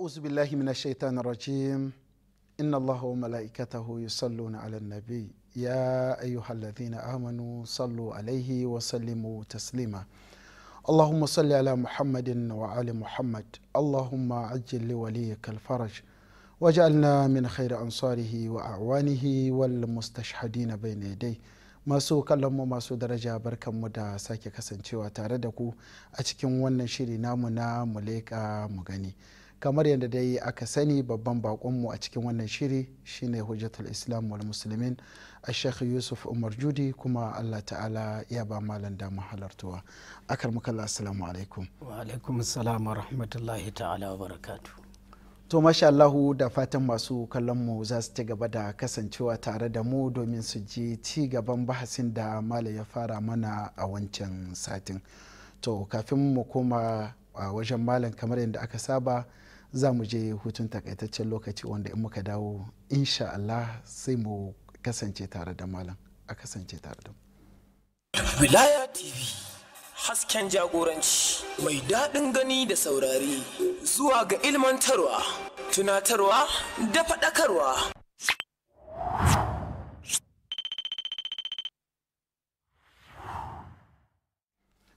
أعوذ بالله من الشيطان الرجيم إن الله وملائكته يصلون على النبي يا أيها الذين آمنوا صلوا عليه وسلموا تسليما اللهم صل على محمد وعلى محمد اللهم عجل لوليك الفرج وجعلنا من خير أنصاره وأعوانه والمستشهدين بين يديه masu kallonmu masu daraja barkanmu da sake kasancewa tare da ku a cikin wannan shiri namu na muleka mu gani. kamar yadda dai aka sani babban bakonmu a cikin wannan shiri shine hujjatul islam wal musulmin a sheikh yusuf umar judi kuma allah ta'ala ya ba malam dama halartuwa akar mukalla assalamu alaikum wa alaikum assalam wa rahmatullahi ta'ala wa barakatu to masha allahu da fatan masu kallonmu za su ci gaba da kasancewa tare da mu domin su ji ci gaban bahasin da malam ya fara mana a wancan satin to kafin mu koma a wajen malam kamar yadda aka saba za mu je hutun takaitaccen lokaci wanda in muka dawo insha Allah sai mu kasance tare da malam a kasance tare da mu. Wilaya TV hasken jagoranci mai daɗin gani da saurari zuwa ga ilmantarwa tunatarwa da faɗakarwa.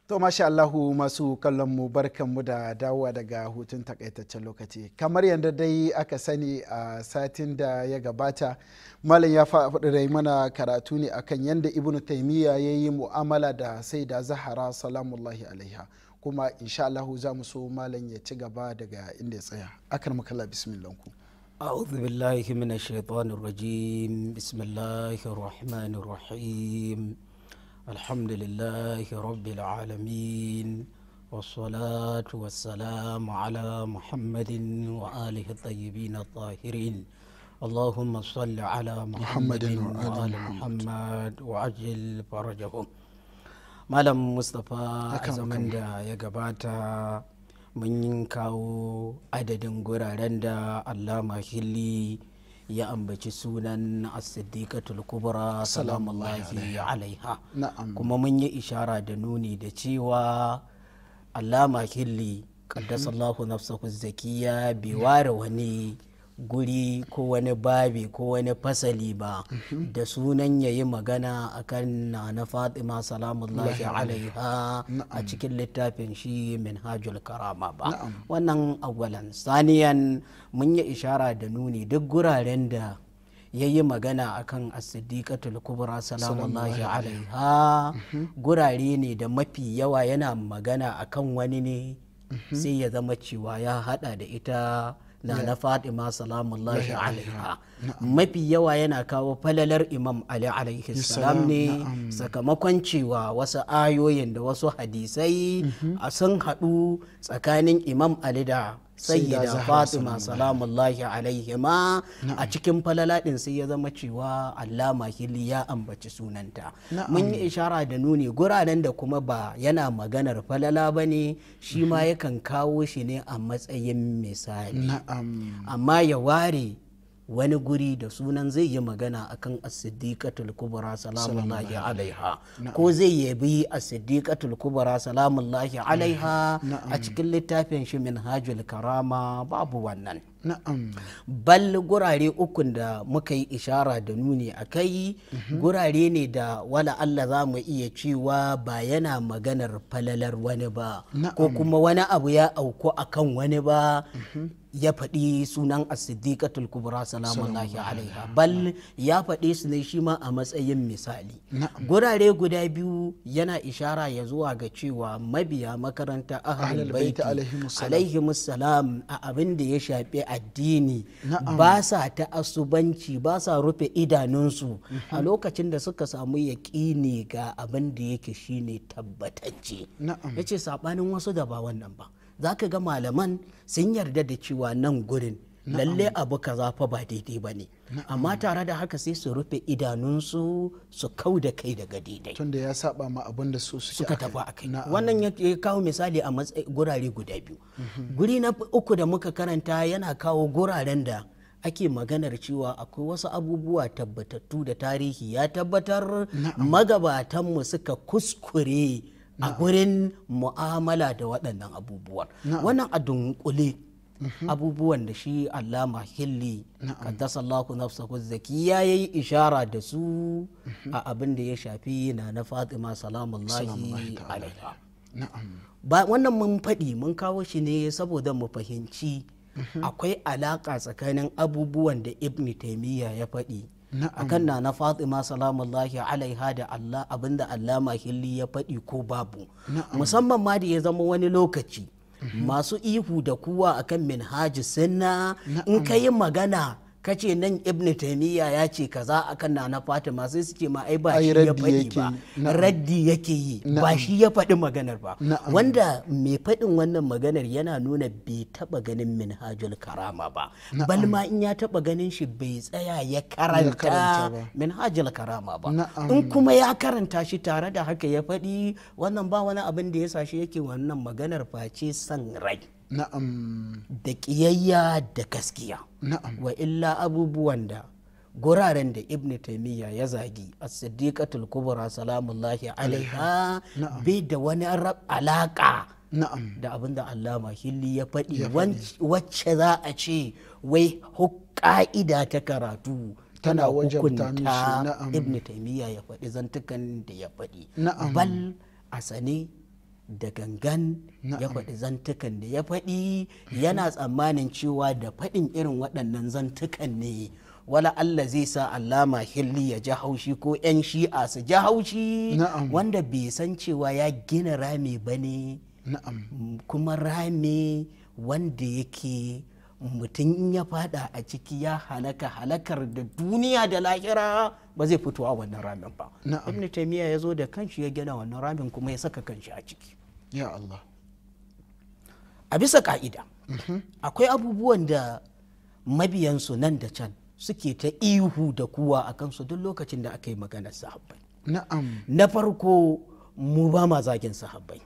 to masha Allahu masu kallon mu barkan mu da dawowa daga hutun takaitaccen lokaci kamar yadda dai aka sani a satin da ya gabata malam ya faɗi mana karatu ne akan yadda ibnu taimiyya ya yi mu'amala da sai da zahara salamullahi alaiha kuma insha Allahu za mu so malam ya ci gaba daga inda ya tsaya akan makala bismillanku أعوذ بالله من الشيطان الرجيم بسم الله الرحمن الرحيم alhamdulillah rabbil alamin wasalatu wasalamu ala muhammadin wa alihi tayyibin tahirin allahumma salli ala muhammadin wa ala muhammad wa ajil farajahum malam mustapha a da ya gabata mun kawo adadin guraren da allama hilli ya ambaci sunan as kubra salamullahi alaiha kuma mun yi ishara da nuni da cewa allama hilli qaddasallahu nafsahu zakiya bi ware wani guri ko wani babi ko wani fasali ba da sunan ya yi magana kan na fatima salamullahi alaiha a cikin littafin shi min hajjul karama ba wannan agwalan saniyan mun yi ishara da nuni duk guraren da ya yi magana akan as-siddiqatul kubra salamullahi alaiha mhm. gurare ne da mafi yawa yana magana akan wani ne mhm. sai ya zama cewa ya hada da ita na na fatima salamullahi alaiha mafi yawa yana kawo falalar imam ali alaihi salam ne sakamakon cewa wasu ayoyin da wasu hadisai mm-hmm. a sun haɗu tsakanin imam ali da sayyida fatima salamullahi alaihima a cikin falaladin sai ya zama cewa allama hili ya ambaci sunanta mun yi ishara da nuni guranan da kuma ba yana maganar falala ba ne shi ma mhm. yakan kawo shi ne a matsayin misali amma ya ware wani guri da sunan zai yi magana akan as kubura kubra salamullahi alaiha ko zai yabi as kubura kubra salamullahi alaiha a cikin littafin shi minhajul karama babu wannan bal gurare ukun da muka yi ishara da nuni a kai mhm. gurare ne da wala Allah za mu iya cewa ba yana maganar falalar wani ba ko kuma wani abu ya auku akan wani ba mhm. ya faɗi sunan as kubra salamullahi alaiha bal ya faɗi su ne shi ma a matsayin misali gurare guda biyu yana ishara ya zuwa ga cewa mabiya makaranta ahlul baiti alaihi musalam a abin da ya shafi addini ba sa ta'assubanci ba sa rufe idanunsu a mhm. lokacin da suka samu ya yaƙini ga abin da yake shine tabbatacce ce saɓanin wasu da ba wannan ba za ka ga malaman sun yarda da cewa nan gurin lalle abu ka fa ba daidai ba ne amma tare da haka sai su rufe idanunsu su kau da kai daga daidai tunda ya saba ma abin da su suka tafi a kai wannan ya kawo misali a gurare guda biyu mhm. guri na uku da muka karanta yana kawo guraren da ake maganar cewa akwai wasu abubuwa tabbatattu da tarihi ya tabbatar magabatanmu suka kuskure a gurin mu'amala da waɗannan abubuwan wannan a dunkule mhm. abubuwan da shi allama hilli allahu nafsahu zaki ya yi ishara da su mhm. a abin da ya shafi na na fatima salamullahi alaiha ba wannan mun faɗi mun kawo shi ne saboda mu fahimci mhm. akwai alaƙa tsakanin abubuwan da ibn taimiyya ya faɗi akan na na fatima salamullahi alaiha da allah abinda allah hilli ya faɗi ko babu musamman ma da ya zama wani lokaci mhm. masu ihu da kuwa akan minhaji sunna in ka yi magana kace nan ibn taimiyya ya ce kaza akan na fatima sai su ce ma ai ba shi ya faɗi ba raddi yake yi ba shi ya faɗi maganar ba wanda mai faɗin wannan maganar yana nuna bai taɓa ganin minhajul karama ba balma in ya taɓa ganin shi bai tsaya ya karanta minhajul karama ba in kuma ya karanta shi tare da haka ya faɗi wannan ba wani abin da ya sashi yake wannan maganar face son rai na'am da ƙiyayya da gaskiya na'am wa illa abubuwan da guraren da ibn taimiyya ya zagi a siddiqatul kubra salamullahi alaiha bai da wani alaka da abin da allama hilli ya faɗi wacce za a ce wai ƙa'ida ta karatu tana hukunta ibn taimiyya ya faɗi zantukan da ya faɗi bal a sane da gangan ya faɗi zantukan da ya faɗi yana tsammanin cewa da faɗin irin waɗannan zantukan ne wala Allah zai sa allama hilli ya ji haushi ko 'yan shi'a su ji haushi wanda bai san cewa ya gina rami ba ne kuma rami wanda yake mutum in ya fada a ciki ya halaka halakar da duniya da lahira ba zai fito a wannan ramin ba ibn taymiya ya zo da kanshi ya gina wannan ramin kuma ya saka kanshi a ciki ya Allah a bisa ka'ida mhm. akwai abubuwan da mabiyansu nan da can suke ta ihu da kuwa a kansu duk lokacin da aka yi maganar sahabbai na farko mu ba ma zagin sahabbai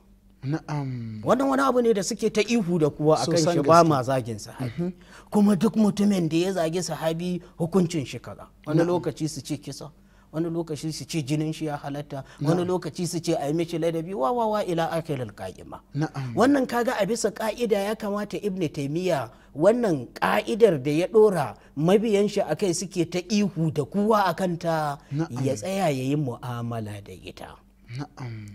wannan wani abu ne da suke ta ihu da kuwa a kan shi ba ma zagin sahabi mhm. kuma duk mutumin da ya zagi sahabi hukuncin shi kaza wani lokaci su ce kisa wani lokaci su ce jinin shi ya halatta wani lokaci su ce a yi mishi ladabi wa wa wa ila akilal wannan kaga a bisa ka'ida ya kamata ibn taymiya wannan ka'idar da ya ɗora mabiyan shi akai suke ta ihu da kuwa akan ta ya tsaya yayin mu'amala da ita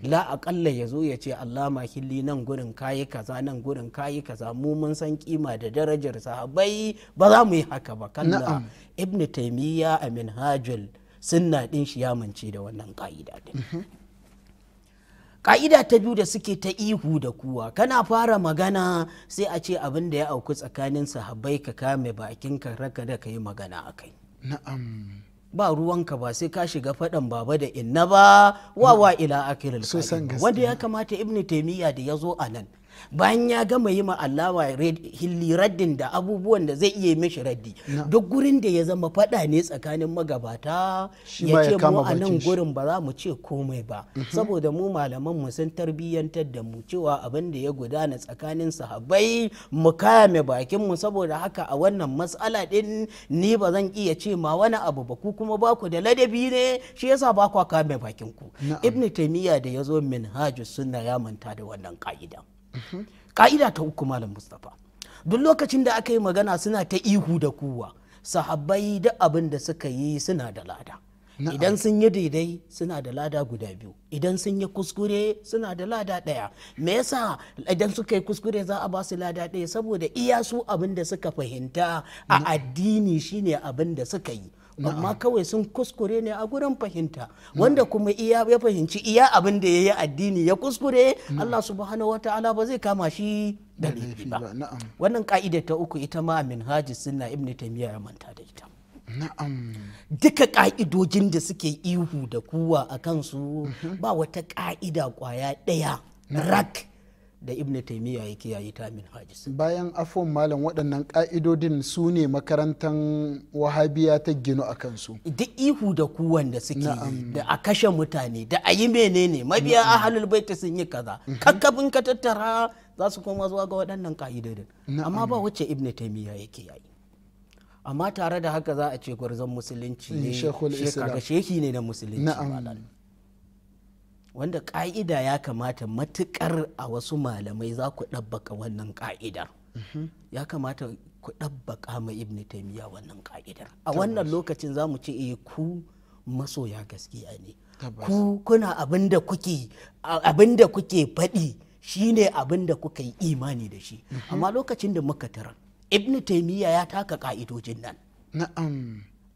la akalla ya zo ya ce Allah hilli nan gurin kayi kaza nan gurin kayi kaza mu mun san kima da darajar sahabai ba za mu yi haka ba kalla ibn taymiya a minhajul sunna din shi ya mance da wannan ka'ida din ka'ida mhm. ta biyu da suke ta ihu da kuwa kana fara magana sai a ce abin da ya auku tsakanin sahabai ka kame bakin ka raka da ka magana akai na'am ba ruwanka ba sai ka shiga faɗan baba da inna ba wa wawa ila akiril wanda ya kamata ibnu taimiyya da ya zo a nan bayan ya gama yi ma allawa hilli raddin da abubuwan da zai iya mishi raddi duk gurin da ya zama fada ne tsakanin magabata ya ce mu a nan gurin ba za mu ce komai ba mhm. saboda mu malaman mu sun tarbiyyantar da mu cewa abin da ya gudana tsakanin sahabbai mu kame bakin mu saboda haka a wannan matsala din ni ba zan iya ce ma wani abu ba ku kuma ba ku da ladabi ne shi yasa ba ku kame bakin ku ibnu taymiya da yazo minhajus sunna ya manta da wannan ka'ida ka'ida ta uku malam mustapha duk lokacin da aka yi magana suna ta ihu da kuwa sahabbai da abin da suka yi suna da lada idan sun yi daidai suna da lada guda biyu idan sun yi kuskure suna da lada ɗaya me yasa idan suka yi kuskure za a basu lada ɗaya saboda iya su abin da suka fahimta a addini shine abin da suka yi amma kawai sun kuskure ne a gurin fahimta wanda kuma iya ya fahimci iya abin da yi addini ya kuskure Allah subhanahu ta'ala ba zai kama shi da laifi ba wannan ka'ida ta uku ita ma haji suna ibn taymiya ya manta da ita Duka ka'idojin da suke ihu da kuwa a kansu mhm. ba wata ka'ida kwaya ɗaya rak da ibn taimiyya ya kiyaye ta min hajis bayan afon malam waɗannan ƙa'idodin su ne makarantar wahabiya ta gino a kansu duk ihu da kuwan da suke da a kashe mutane da a yi menene mabiya a ahalul baita sun yi kaza mhm. kakkabin ka tattara za su koma zuwa ga waɗannan ƙa'idodin amma ba wacce ibn taimiyya ya kiyaye amma tare da haka za a ce gwarzon musulunci eh, ne shekaga shehi ne na musulunci wanda ka'ida ya kamata matukar a wasu malamai za ku ɗabbaka wannan ka'idar ya kamata ku ɗabbaka ma ibn taimiyya wannan ka'idar a wannan lokacin za mu ce e ku masoya gaskiya ne ku kuna abin da kuke faɗi shine abin da kuka yi imani da shi mhm. amma lokacin da muka tara ibn taimiyya ya taka ka'idojin nan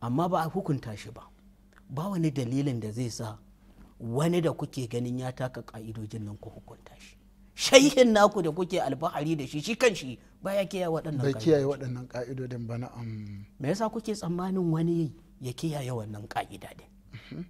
amma ba a hukunta shi ba ba wani dalilin da zai sa wani da kuke ganin ya taka ka'idojin nan ku hukunta shi shaihin naku da kuke alfahari da shi shi kan shi baya kiyaye waɗannan bai kiyaye waɗannan ka'idodin ba na am me yasa kuke tsammanin wani ya kiyaye wannan ka'ida din mhm.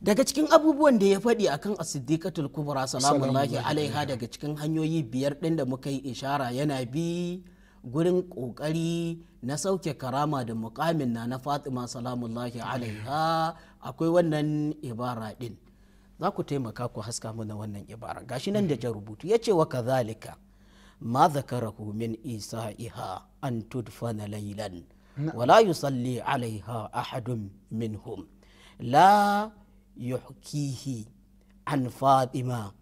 daga cikin abubuwan da ya faɗi akan as-siddiqatul kubra salamullahi alaiha daga cikin hanyoyi biyar ɗin da muka yi ishara yana bi gurin kokari na sauke karama da mukamin na na fatima salamullahi alaiha akwai wannan ibara din za ku taimaka ku haska mana wannan ibara gashi nan da jan rubutu ya ce wa kazalika ma zakarahu min isa iha an tudfana laylan wala yusalli alaiha ahadun hum la yuhkihi an fatima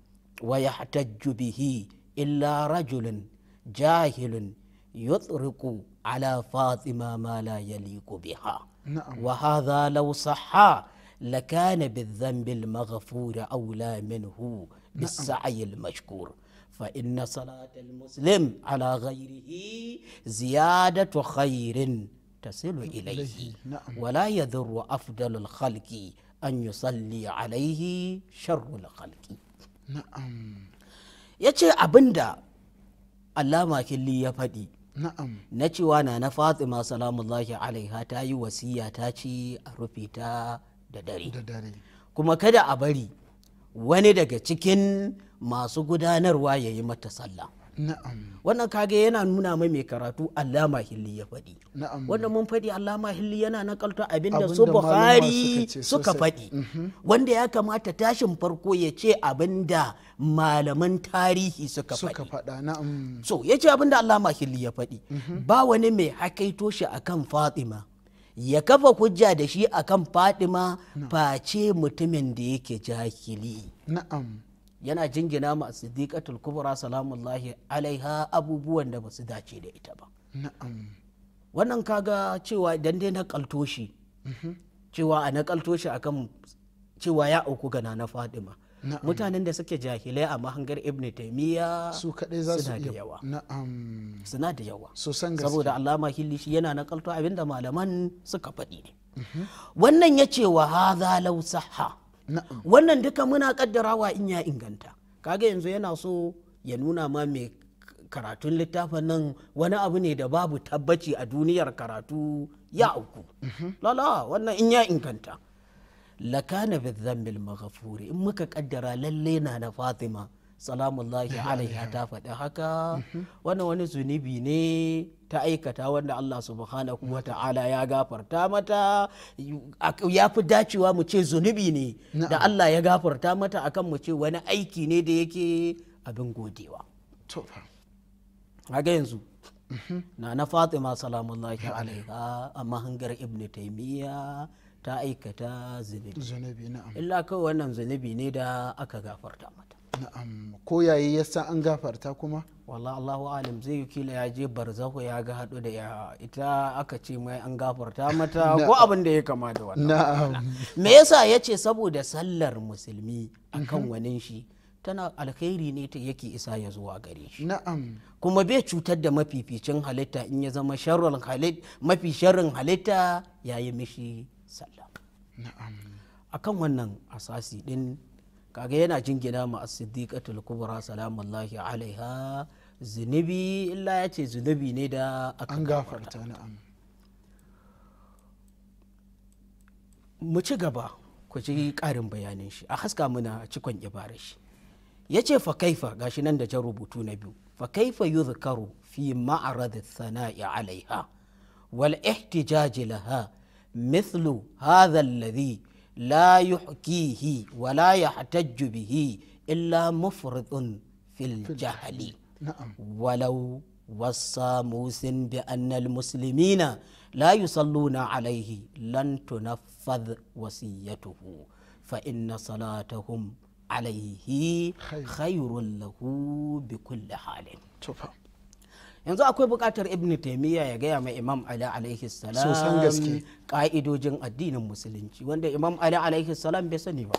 wa yahtajju bihi illa rajulun jahilun yutriku ala fatima ma la yaliku biha نعم. وهذا لو صح لكان بالذنب المغفور أولى منه نعم. بالسعي المشكور فإن صلاة المسلم على غيره زيادة خير تصل إليه نعم. ولا يذر أفضل الخلق أن يصلي عليه شر الخلق نعم يتي أبندا allama killi ya faɗi na cewa na na fatima salamullahi alaiha ta yi wasiya ta ci a rufe ta da dare kuma kada a bari wani daga cikin masu gudanarwa ya yi mata sallah wannan kage yana nuna mai mai karatu allama hilli ya faɗi wanda mun faɗi allama hilli yana nakalta abinda su buhari suka faɗi mhm. wanda ya kamata tashin farko ya ce abinda malaman tarihi suka faɗa so ya ce abinda allama hilli ya faɗi mhm. ba wani mai hakaito shi akan fatima ya kafa hujja da shi akan fatima face mutumin da yake jahili yana jingina ma siddiqatul kubra salamullahi alaiha abubuwan da basu dace da ita ba na'am wannan kaga cewa idan dai na kalto shi mhm. cewa a na kalto shi akan cewa ya auku gana na fadima mutanen da suke jahilai a mahangar ibn taimiyya su kadai za su da yawa suna da yawa saboda allama hilli shi yana nakalto abinda malaman suka faɗi ne mhm. wannan ya ce wa hadha law sahha wannan duka muna kaddarawa in ya inganta kaga yanzu yana so ya nuna ma mai karatun littafin nan wani abu ne da babu tabbaci a duniyar karatu ya auku lala mm-hmm. wannan in ya inganta lakana bi dhanbil in muka kaddara lalle na na fatima salamullahi alaiha ta faɗi haka mhm. wannan wani zunubi ne ta aikata wanda Allah subhanahu wa ta'ala ya gafarta mata ya fi dacewa mu ce zunubi ne da Allah ya gafarta mata akan mu ce wani aiki ne da yake abin godewa haga yanzu mhm. na na fatima salamullahi alaiha a mahangar ibn taimiyya ta aikata zunubi illa kawai wannan zunubi ne da aka gafarta mata na'am ko yayi yasa an gafarta kuma walla allahu alim zai yi kila ya je barzahu ya ga hadu da ya ita aka ce mai an gafarta mata ko abin da ya kama da wannan me yasa ya ce saboda sallar musulmi akan mhm. wanin shi tana alkhairi ne ta yake isa ya zuwa gare shi na'am kuma bai cutar da mafificin halitta in ya zama sharrin halitta mafi sharrin halitta yayi mishi sallah na'am akan wannan asasi din kaga yana jingina ma as-siddiqatul kubra salamullahi alaiha zunubi illa ya ce zunubi ne da aka gafarta na'am mu ci gaba ku ji karin bayanin shi a haska muna cikon ibarar shi ya ce fa kaifa gashi nan da jan rubutu na biyu fa kaifa yuzkaru fi ma'arar sana'i alaiha wal ihtijaji laha mithlu hadha alladhi لا يحكيه ولا يحتج به إلا مفرط في الجهل نعم. ولو وصى موسى بأن المسلمين لا يصلون عليه لن تنفذ وصيته فإن صلاتهم عليه خير, له بكل حال yanzu akwai bukatar ibn taimiyya ya gaya mai imam ali alaihi salam ka'idojin addinin musulunci wanda imam ali alaihi salam bai sani ba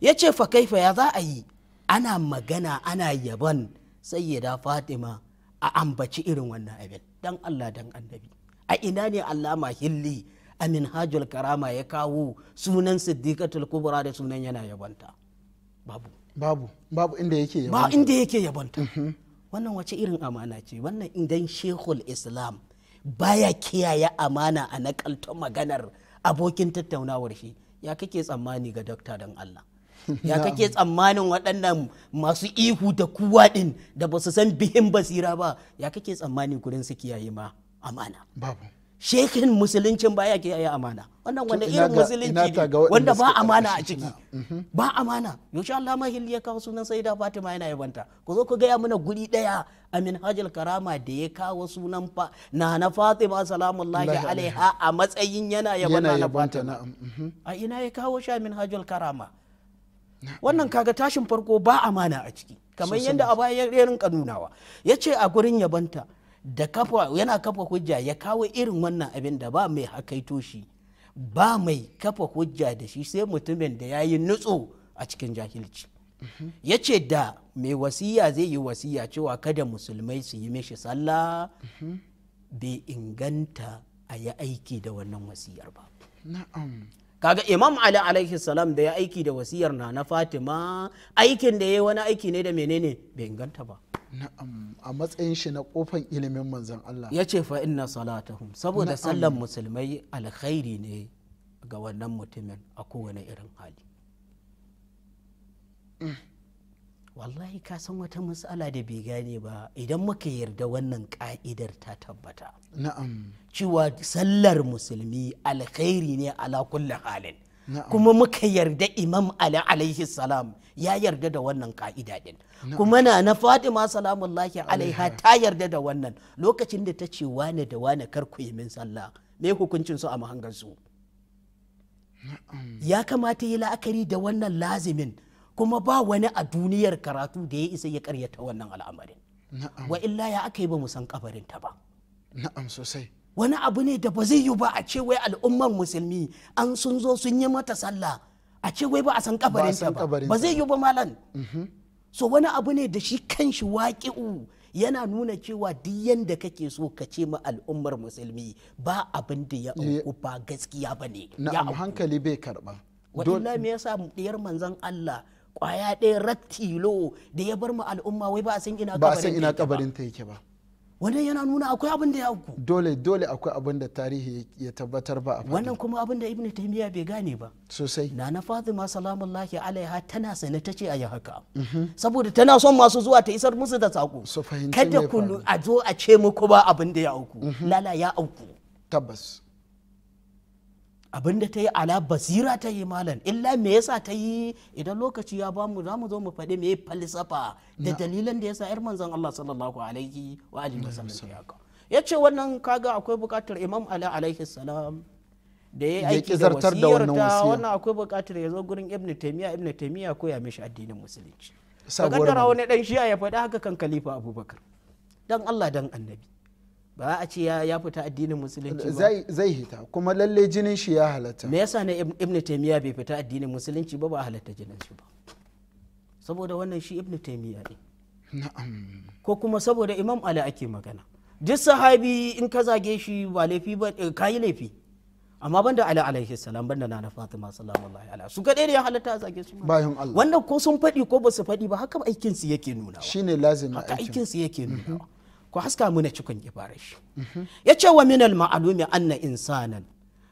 ya ce fa kaifa ya za a yi ana magana ana yaban sayyida fatima a ambaci irin wannan abin dan allah dan annabi a ina ne allama hilli a hajjul karama ya kawo sunan siddiqatul kubra da sunan yana yabanta babu babu babu inda yake yabanta ba inda yake yabanta mhm. wannan wace irin amana ce wannan idan shehul islam baya kiyaye amana a nakaltar maganar abokin tattaunawar shi ya kake tsammani ga dokta don allah ya kake tsammanin waɗannan masu ihu da kuwa ɗin da ba su san bihin basira ba ya kake tsammani gurin su kiyaye ma amana shekin musuluncin baya ke yi amana wannan wanda irin musulunci ne wanda ba amana a ciki mhm. ba amana yaushe Allah mahil ya kawo sunan sayyida Fatima yana yabanta ku zo ku gaya mana guri daya a minhajul karama da ya kawo sunan fa na na Fatima salamullahi alaiha a matsayin yana yabanta na Fatima um, mhm. a ina ya kawo sha a minhajul karama wannan um. kaga tashin farko ba amana a ciki kamar yadda a baya ya rinka nunawa yace a gurin yabanta da kafa yana kafa hujja ya kawo irin wannan abin da ba mai hakaito shi ba mai kafa hujja da shi sai mutumin da ya yi nutso a cikin jahilci ya ce da mai wasiya zai yi wasiya cewa kada musulmai su yi mishi sallah bai inganta a yi aiki da wannan wasiyar ba kaga imam ali alaihi salam da ya aiki da wasiyar na na fatima aikin da ya yi wani aiki ne da menene bai inganta ba a matsayin shi na kofan ilimin manzan Allah ya ce fa inna salatahum saboda sallan musulmai alkhairi ne ga wannan mutumin a kowane irin hali wallahi ka san wata matsala da bai gane ba idan muka yarda wannan ka'idar ta tabbata na'am cewa sallar musulmi alkhairi ne ala kulle halin kuma muka yarda imam ali alaihi salam ya yarda da wannan ka'ida din kuma na na fatima salamullahi alaiha ta yarda da wannan lokacin da ta ce wane da wane kar ku yi min sallah me hukuncin su a mahangar su ya kamata yi la'akari da wannan lazimin kuma ba wani a duniyar karatu da ya isa ya karyata wannan al'amarin wa illa ya aka yi ba mu san kabarin ta ba na'am sosai wani abu ne da ba zai yi ba a ce wai al'ummar musulmi an sun zo sun yi mata sallah a ce wai ba a san ta ba ba zai yi ba malan mm-hmm. so wani abu ne da shi kanshi waƙi'u yana nuna cewa duk yanda kake so ka ce ma al'ummar musulmi ba abin da ya auku ba gaskiya ba ne ya hankali bai karba wadanda me yasa diyar manzon Allah kwaya ɗaya rattilo da ya bar mu al'umma wai ba a san ina kabarin ta yake ba wannan yana nuna akwai abin da ya auku dole dole akwai abin da tarihi ya tabbatar ba a wannan kuma abin da ibnu taymiya bai gane ba sosai na na fatima salamullahi alaiha tana sane ta ce a yi haka mhm. saboda tana son masu zuwa ta isar musu da sako kada ku a zo a ce muku ba abin da ya auku mhm. lala ya auku tabbas abinda ta yi ala basira ta yi malam illa me yasa ta yi idan lokaci ya ba mu za mu zo mu faɗi me falsafa da dalilan da yasa yar manzon Allah sallallahu alaihi wa alihi wasallam ya ce wannan kaga akwai buƙatar imam ali alaihi salam da ya aiki da wasiyar da wannan akwai buƙatar ya zo gurin ibnu taymiya ibnu taymiya ko ya mishi addinin musulunci sabuwar rawani dan shi'a ya faɗi haka kan khalifa abubakar dan Allah dan annabi ba a ce ya fita addinin musulunci ba zai hita kuma lalle jinin shi ya halatta me yasa ne ibn taymiya bai fita addinin musulunci ba ba halatta jinin shi ba saboda wannan shi ibn taymiya ne na'am ko kuma saboda imam ali ake magana duk sahabi in ka zage shi ba laifi ba eh, kai laifi amma banda ali alaihi salam banda nana fatima sallallahu alaihi su ga da ya halatta a zage su bayan Allah wannan ko sun faɗi ko ba su faɗi ba haka aikin su yake nuna lazimi aikin su yake nuna ku haska muna cikin ibarar shi ya ce wa minal ma'alumi anna insanan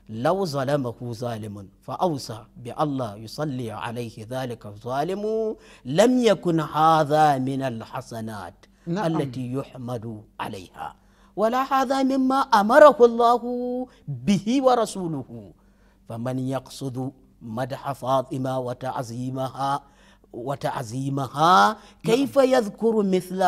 law zalamahu zalimun fa ausa bi Allah yusalli alaihi zalika zalimu lam yakun hadha min al hasanat allati yuhmadu alaiha wala hadha mimma amarahu Allah bihi wa rasuluhu faman yaqsudu madha Fatima wa ta'zimaha Wata وتعظيمها كيف يذكر مثل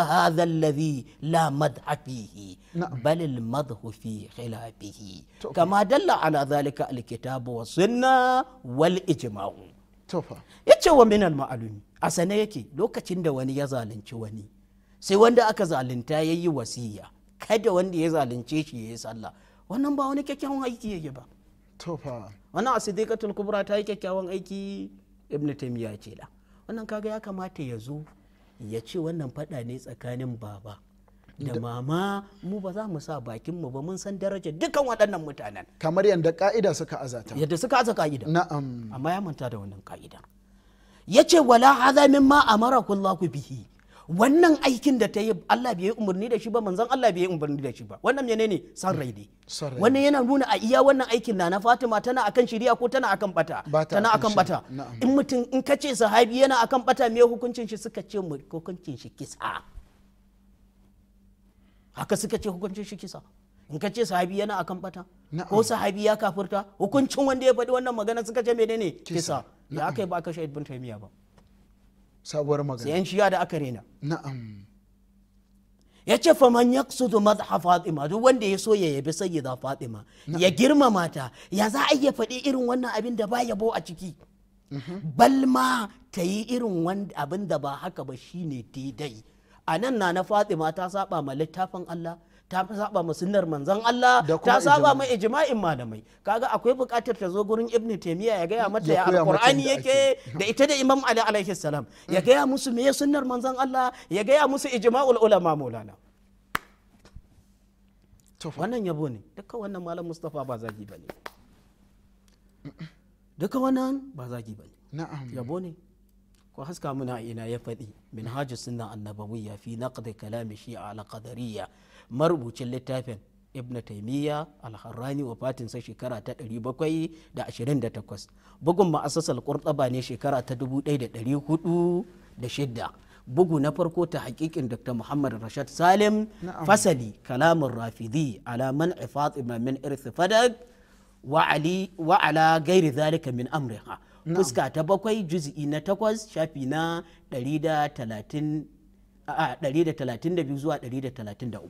la madhafihi, balil مدح فيه بل المدح في خلافه كما دل على ذلك الكتاب والسنة Ya ce wa minal ma'alumi a sane yake lokacin da wani ya zalunci wani sai wanda aka zalunta ya yi wasiya kada wanda ya zalunce shi ya yi sallah wannan ba wani kyakkyawan aiki ya yi ba wannan a siddiqatul kubra ta yi kyakkyawan aiki ibn taymiya ce da wannan kaga ya kamata ya zo ya ce wannan fada ne tsakanin baba da mama mu ba za mu sa bakin mu ba mun san daraja dukan waɗannan mutanen kamar yadda ka'ida suka azata yadda suka aza ka'ida na'am amma ya manta da wannan ka'ida yace wala hadha mimma amarakum Allahu bihi wannan aikin da ta yi Allah bai umarni da shi ba manzon Allah bai umarni da shi ba wannan menene san rai ne wannan yana nuna a iya wannan aikin na na Fatima tana akan shiriya ko tana akan bata tana akan bata in mutum in ka ce sahabi yana akan bata me hukuncin shi suka ce mu hukuncin shi kisa haka suka ce hukuncin shi kisa in ka ce sahabi yana akan bata ko sahabi ya kafurta hukuncin wanda ya faɗi wannan magana suka ce menene kisa ya kai yi ba aka shahid bin taymiya ba sabuwar magana yan shiya da aka rena na'am ya ce faman ya mazha fatima duk wanda ya so ya yabi sayyida fatima ya girmama ta ya za a iya faɗi irin wannan abin da ba yabo a ciki mhm. balma ta yi irin abin da ba haka ba shine daidai a nan na na fatima ta saba ma littafin allah ta saba ma sunnar manzon Allah ta saba ma ijma'in malamai kaga akwai buƙatar ta zo gurin ibnu taymiya ya gaya mata ya alqur'ani yake da ita da imam ali alaihi salam ya gaya musu me sunnar manzon Allah ya gaya musu ijma'ul ulama maulana wannan yabo ne duka wannan malam mustafa ba zagi bane duka wannan ba zagi bane na'am yabo ne ko haska muna ina ya faɗi min hajji sunna annabawiyya fi naqdi kalami shi'a al qadariyya marubucin littafin ibn taimiyya alharrani wafatinsa shekara ta 728 bugun ma'asasar kurtaba ne shekara ta 1406 bugu na farko ta hakikin dr muhammad rashad salim fasali kalamun rafidi alaman fatima min irtifadak wa ala gairi zalika min amriha fuska ta bakwai juzi'i na takwas shafi na talatin. a 132 zuwa 133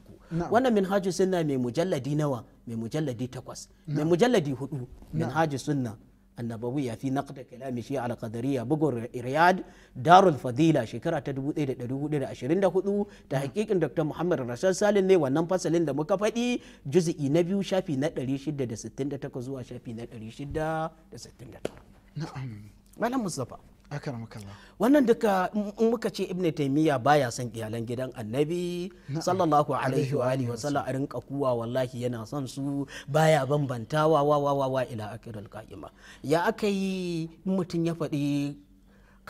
wannan minhajus sunna mai mujalladi nawa mai mujalladi takwas mai mujalladi hudu minhajus sunna النبوية في نقد كلام شيعة القدرية بقر رياض دار الفضيلة شكرا تدبو إيدا تدبو إيدا عشرين ta hakikin Dr. محمد الرسول سالين ne wannan fasalin da muka faɗi juz'i na biyu shafi na 668 zuwa shafi na 669 na'am malam mustafa wannan duka muka ce ibn taimiyya baya son iyalan gidan annabi sallallahu alaihi wa alihi sallam a rinka kuwa wallahi yana son su baya bambantawa wa wa wa ila akirul qa'ima ya aka yi mutum ya faɗi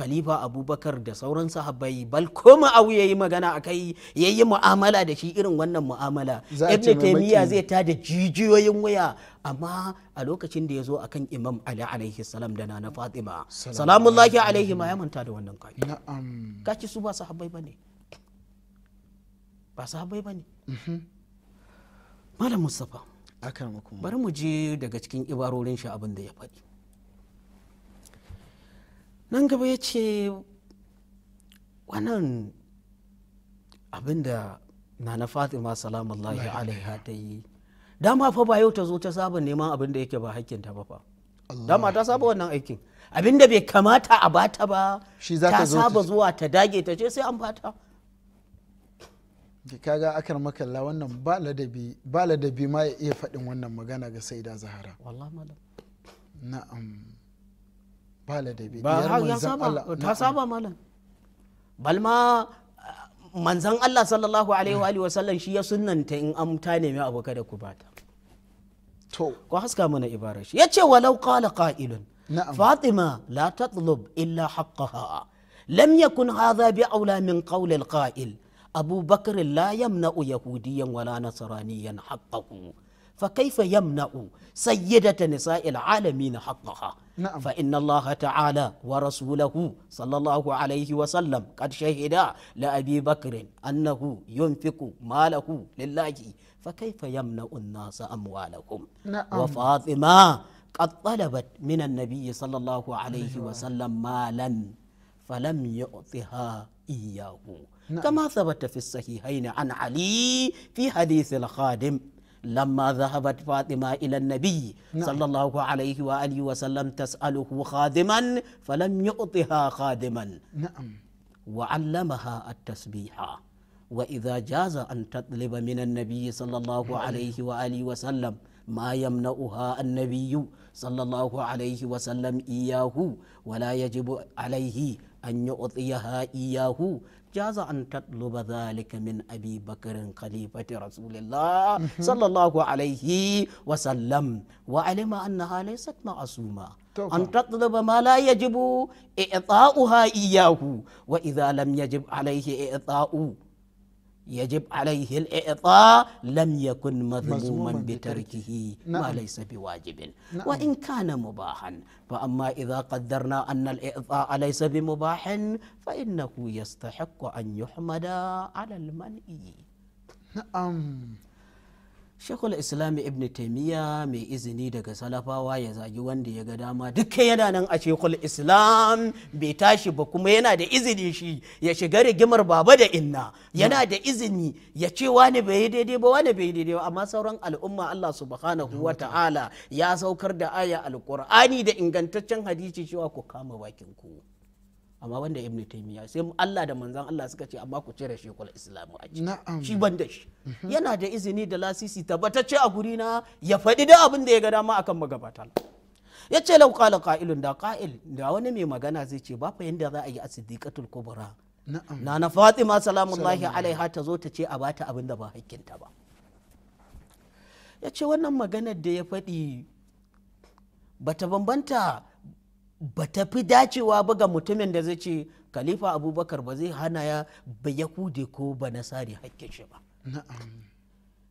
khalifa abubakar da sauran sahabbai bal ko ma'awu ya yi magana a kai ya yi mu'amala da shi irin wannan mu'amala ibn taimiyya zai ta da jijiyoyin waya amma a lokacin da ya zo akan imam ali alaihi salam da na fatima salamullahi alaihi ma ya manta da wannan kai kaci su ba sahabbai bane ba sahabbai bane mhm. malam mustafa bari mu je daga cikin ibarorin shi abin da ya faɗi nan gaba ya ce wannan abinda na na fatima salamullahi alaiha ta yi dama fa ba yau ta zo ta saba neman abin da yake ba hakkin ta ba fa dama ta saba wannan aikin abin da bai kamata a bata ba ta saba zuwa ta dage ta ce sai an bata kaga akar makalla wannan ba ladabi ma ya iya faɗin wannan magana ga saida zahara na'am ba ta saba malam balma eh, manzan Allah sallallahu alaihi wa sallam shi ya sunnanta in an ta nemi abu kada ku bata to ko haska mana ibarar shi yace walau qala qa'ilun fatima la tatlub illa haqqaha lam yakun hadha bi aula min qawl al qa'il abu bakr la yamna yahudiyan wala nasraniyan haqqahu فكيف يمنع سيدة نساء العالمين حقها نعم. فإن الله تعالى ورسوله صلى الله عليه وسلم قد شهدا لأبي بكر أنه ينفق ماله لله فكيف يمنع الناس أموالهم نعم. وفاطمة قد طلبت من النبي صلى الله عليه أيوة. وسلم مالا فلم يعطها إياه نعم. كما ثبت في الصحيحين عن علي في حديث الخادم لما ذهبت فاطمة إلى النبي نعم. صلى الله عليه وآله وسلم تسأله خادما فلم يعطها خادما نعم وعلمها التسبيح وإذا جاز أن تطلب من النبي صلى الله عليه وآله وسلم ما يمنعها النبي صلى الله عليه وسلم إياه ولا يجب عليه an yi utiyaha iyahu jaza an tatluba zalika min abi bakarin khalifati rasulillah sallallahu alaihi wa sallam wa alima annaha laysat asuma an tatluba ma la yajibu i'ta'uha iyahu wa idza lam yajib alaihi i'ta'u يجب عليه الإعطاء لم يكن مذموما بتركه ما نعم. ليس بواجب نعم. وإن كان مباحا فأما إذا قدرنا أن الإعطاء ليس بمباح فإنه يستحق أن يحمد على المنئي نعم shekul Islam ibn taimiyya mai izini daga salafawa ya zagi wanda ya ga dama dukkan yana nan a shekul islam bai tashi ba kuma yana da izini shi ya shiga rigimar baba da inna yana da izini ya ce wani bai daidai ba wani bai daidai ba amma sauran al'umma allah subhanahu wa ta'ala ya saukar da aya alkur'ani da ingantaccen hadisi cewa ku kama bakin ku amma wanda ibn taymiya sai Allah da manzon Allah suka ce amma ku cire shekul islamu a ciki shi banda shi mhm. yana da izini da lasisi tabbatacce a guri na ya faɗi da abin da ya ga dama akan magabata ya ce lau qala qa'ilun da qa'il da wani mai magana zai ce ba fa yanda za a yi as-siddiqatul kubra na na fatima sallallahu alaiha ta zo ta ce a bata abin da ba hakkinta ba ya ce wannan maganar da ya faɗi bata bambanta ba ta fi dacewa ba ga mutumin da zai ce khalifa abubakar ba zai hana ya ba kude ko ba nasari hakkin shi ba na'am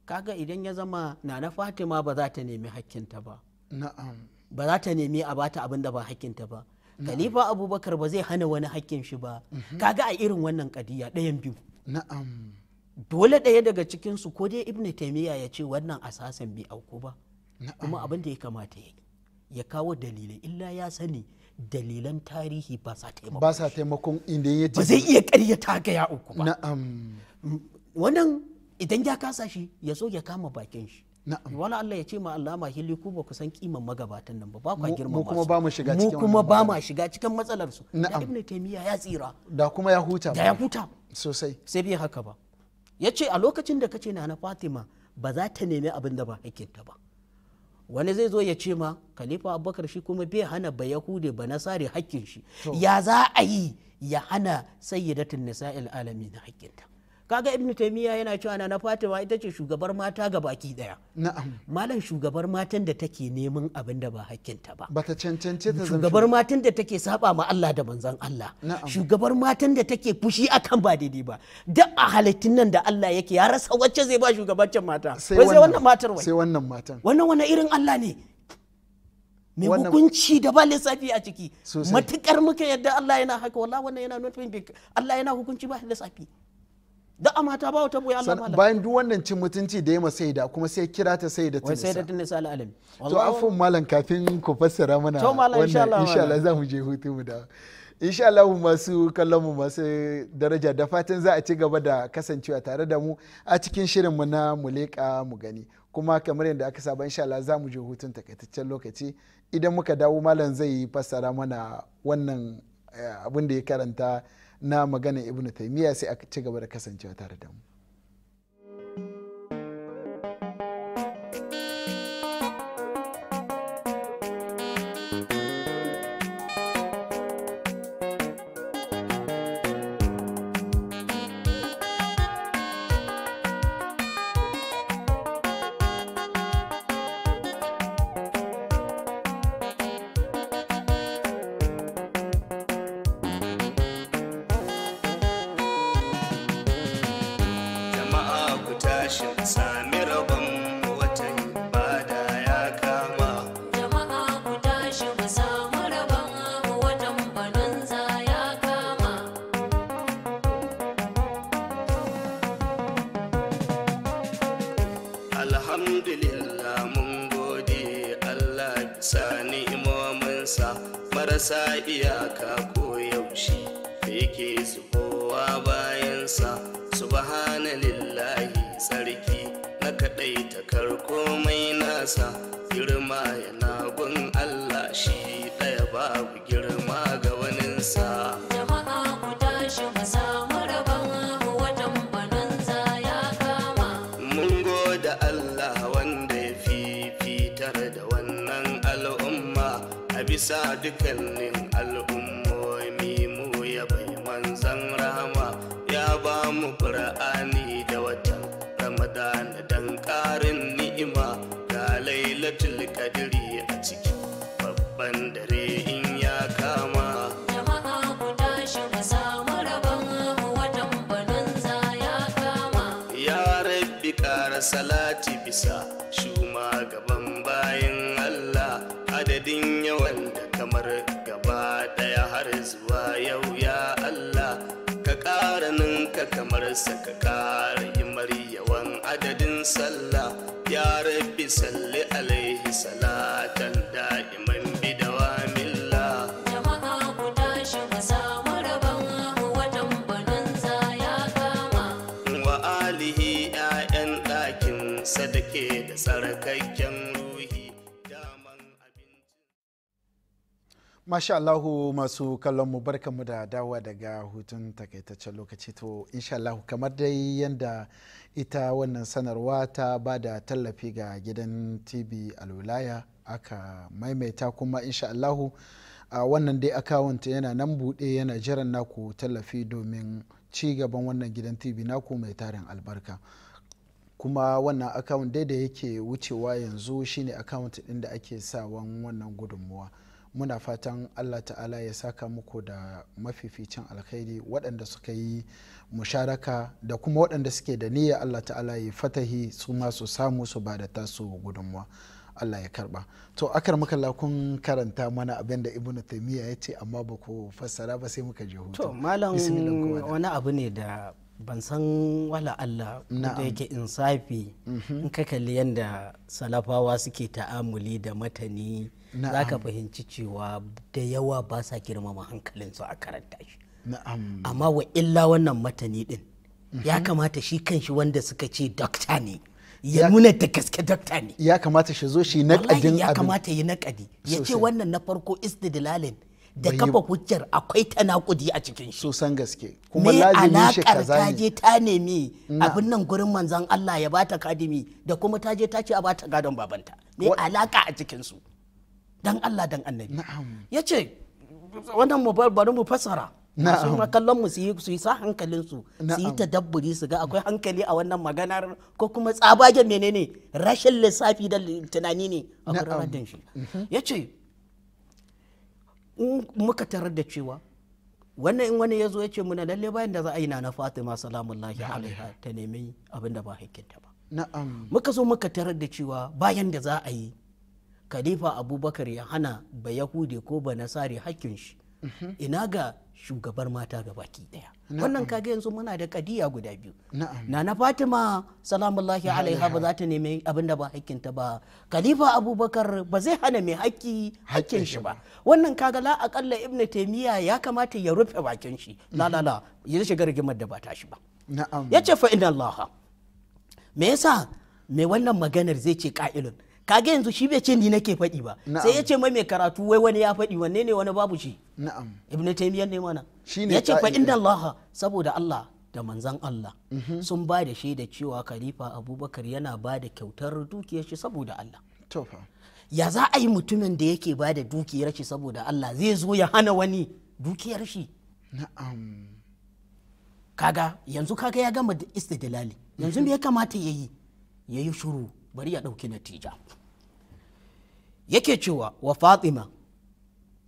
kaga idan ya zama na na fatima ba za ta nemi hakkinta ba ba za ta nemi a bata abin da ba hakkinta ba khalifa abubakar ba zai hana wani hakkin shi ba mhm. kaga a irin wannan kadiya ɗayan biyu dole ɗaya daga cikin su ko dai ibnu taymiya ya ce wannan asasin bai auku ba kuma abin da ya kamata ya kawo dalilai illa ya sani dalilan tarihi ba sa taimakon ba sa taimakon inda ya ba zai iya ta ga ya uku ba na'am wannan idan ya kasa shi ya zo ya kama bakin shi Na'am. wala Allah ya ce ma Allah ma hili ku ba ku san kiman magabatan nan ba ba ku girma mu kuma ba mu shiga cikin mu kuma ba mu shiga cikin matsalar su da ibn taymiya ya tsira da kuma ya huta da ya huta sosai sai bai haka ba Ya ce a lokacin da kace na na Fatima ba za ta nemi abin da ba ta ba wani zai zo ya ce ma khalifa abubakar shi kuma bai hana ba yahudi ba nasari hakkin shi ya za a yi ya hana sayyidatin nisa'il alamin hakkinta kaga ibnu taymiya yana cewa na fatima ita ce shugabar mata ga baki daya na'am malam shugabar matan da take neman abin da ba hakkinta ba bata cancance ta shugabar matan da take saba ma Allah da manzon Allah shugabar matan da take fushi akan ba daidai ba duk a halittun nan da Allah yake ya rasa wacce zai ba shugabancin mata sai wannan matar wai sai wannan matan wannan wani irin Allah ne mai hukunci da ba lissafi a ciki matukar muka yadda Allah yana haka wallahi wannan yana nufin Allah yana hukunci ba lissafi da a mata ba wata boye Allah malam bayan duk wannan cin mutunci da ya ma saida kuma sai kira ta saida tunisa wai saida tunisa al alami to afun malam kafin ku fassara mana wannan insha Allah za mu je hutu mu da insha Allah masu kallon mu masu daraja da fatan za a ci gaba da kasancewa tare da mu a cikin shirin mu na muleka mu gani kuma kamar yadda aka saba insha Allah za mu je hutun takaitaccen lokaci idan muka dawo malam zai fassara mana wannan eh, abin da ya karanta na magana ibn taimiyya sai a ci gaba da kasancewa tare da mu gaban bayan Allah adadin yawan da kamar gaba daya har zuwa yau ya Allah ka ƙara ninka kamar sa ka ƙara yi yawan adadin sallah ya rabbi salli alaihi salatan da cikakken ruhi daman abinci. Masha Allahu masu kallon mu barkanmu da dawa daga hutun takaitaccen lokaci to insha Allahu kamar dai yadda ita wannan sanarwa ta ba da tallafi ga gidan TV alwilaya aka maimaita kuma insha Allahu a wannan dai akawunt yana nan buɗe yana jiran naku tallafi domin ci gaban wannan gidan TV naku mai tarin albarka. kuma wannan account dai da yake wucewa yanzu shine account ɗin da ake sawan wannan gudunmuwa muna fatan allah ta'ala ya saka muku da mafificin alkhairi waɗanda suka yi musharaka da kuma waɗanda suke da niyya allah ta'ala ya fatahi su masu samu su ba da tasu gudunmuwa allah ya karba to akar muka lakun karanta mana abin da ibnu taimiyya ya ce amma ba ku fassara ba sai muka je hutu to malam wani abu ne da ban san wala Allah da yake insafi mhm. in ka kalli yadda salafawa suke ta'amuli da matani za ka fahimci cewa da yawa ba sa girmama hankalinsu a karanta shi amma wa illa wannan matani din ya mhm. kamata shi kanshi wanda suka ce dokta ne ya nuna da gaske dokta ne ya kamata shi zo shi naƙadin abin ya kamata yi naƙadi ya ce wannan na farko istidlalin da kafa hujjar akwai tanakudi a cikin shi Sosan gaske kuma lazimi shi ne ta nemi abin nan gurin manzon Allah ya bata kadimi da kuma ta je ta ce a bata gadon babanta me alaka a cikin su dan Allah dan annabi yace wannan mu bari mu fasara su kallon mu su yi su yi sa hankalin su su yi tadabburi su ga akwai hankali a wannan maganar ko kuma tsabagen menene rashin lissafi da tunani ne a gurin shi mhm. yace in muka tarar da cewa wannan in wani ya zo ya ce muna lalle bayan da za a yi na na fatima salamullahi alaiha ta nemi abin da ba haikinta ba muka so muka tarar da cewa bayan da za a yi khalifa abubakar ya hana ba yahudi ko ba nasari hakkin shi mhm. ina ga shugabar mata ga baki daya wannan kage yanzu muna da kadiya guda biyu na na fatima salamullahi alaiha ba za ta nemi abin da ba hakkinta ba khalifa abubakar ba zai hana mai hakki hakkin shi ba wannan kaga la akalla ibnu taymiya ya kamata ya rufe bakin shi la la la mm-hmm. shiga rigimar da ba ta shi ba ya ce fa allah me yasa me wannan maganar zai ce ka'ilun kage yanzu shi bai ce ni nake faɗi ba sai ya ce mai karatu wai wani ya faɗi wanne ne wani babu shi na'am ibnu ne mana yace ce fa inda Allah saboda Allah da manzan Allah mhm. sun ba da shaida cewa khalifa abubakar yana ba da kyautar dukiyar shi saboda Allah ya za a yi mutumin da yake ba da dukiyar shi saboda Allah zai zo ya hana wani dukiyar shi na'am kaga yanzu kaga ya gama istidlali yanzu me ya kamata yayi yayi shuru bari ya dauki natija yake cewa wa Fatima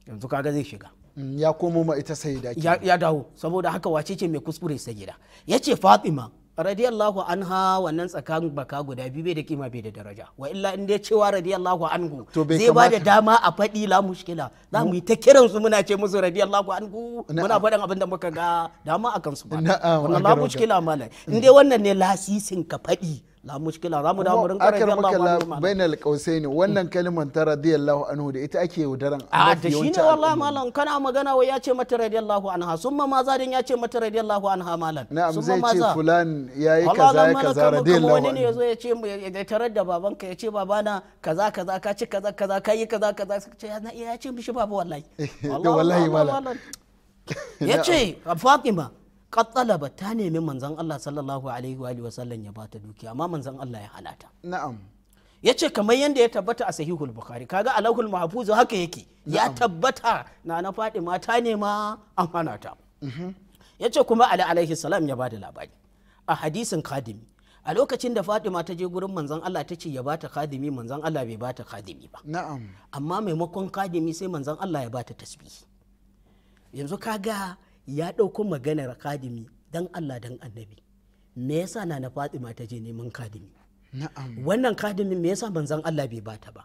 yanzu kaga zai shiga Mm, ya komo ma ita sai da ya dawo saboda haka wace ce mai kuskure sai gida ya ce fatima radiyallahu anha wannan tsakanin baka guda biyu bai da kima bai da daraja wa illa in dai cewa radiyallahu anhu zai ba da dama a faɗi la mushkila za mu yi ta kiran su muna ce musu radiyallahu anhu muna faɗin abin da muka ga dama akan su ba la mushkila malai mm. in dai wannan ne lasisin ka faɗi la mushkila za mu dawo rinka rage Allah ma bainal qausaini wannan kalmar ta radiyallahu anhu da ita ake yaudaran a da shine wallahi malam kana magana wai ya ce mata radiyallahu anha summa ma zadin ya ce mata radiyallahu anha malam na'am zai ce fulan yayi kaza ya kaza radiyallahu anhu wani ne ya ce da tarar da babanka ya ce babana kaza kaza ka ci kaza kaza ka yi kaza kaza ce ya ce mishi baba wallahi wallahi malam ya ce fatima ba ta nemi manzan Allah sallallahu alaihi wa sallam ya bata dukiya amma manzan Allah ya hana na'am ya ce kamar yadda ya tabbata a sahihul bukhari kaga alahul mahfuz haka yake ya tabbata na na fadima ta nema an hana ta mhm. ya ce kuma ali alaihi salam ya da labari a hadisin kadimi a lokacin da fatima ta je gurin manzan Allah ta ce ya bata kadimi manzan Allah bai bata kadimi ba amma maimakon kadimi sai manzan Allah ya bata tasbihi yanzu kaga ya ɗauko maganar kadimi dan Allah dan annabi me yasa na na Fatima ta je neman kadimi wannan kadimi me yasa manzon Allah bai bata ba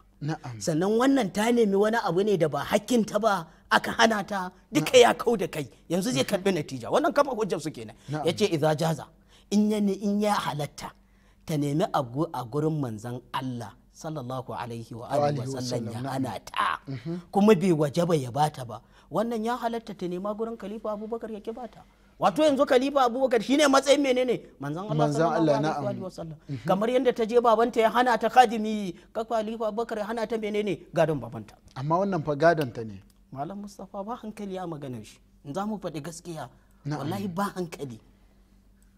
sannan wannan ta nemi wani abu ne da ba ta ba aka hana ta duka ya kau da kai yanzu zai karɓi natija wannan kama hujjar su kenan yace idza jaza in ya in ya halatta ta nemi abu a gurin manzan Allah sallallahu alaihi wa wa sallam ya hana ta mhm. kuma bai waje ba ya bata ba wannan ya halatta ta nema gurin khalifa abubakar ya bata wato yanzu khalifa abubakar shine matsayin menene manzon Allah na alaihi wasallam mhm. kamar yadda ta je babanta ya hana ta kadimi ka khalifa abubakar ya hana ta menene gadon babanta amma wannan fa gadon ta ne malam mustafa ba hankali a maganar shi in za mu faɗi gaskiya wallahi ba hankali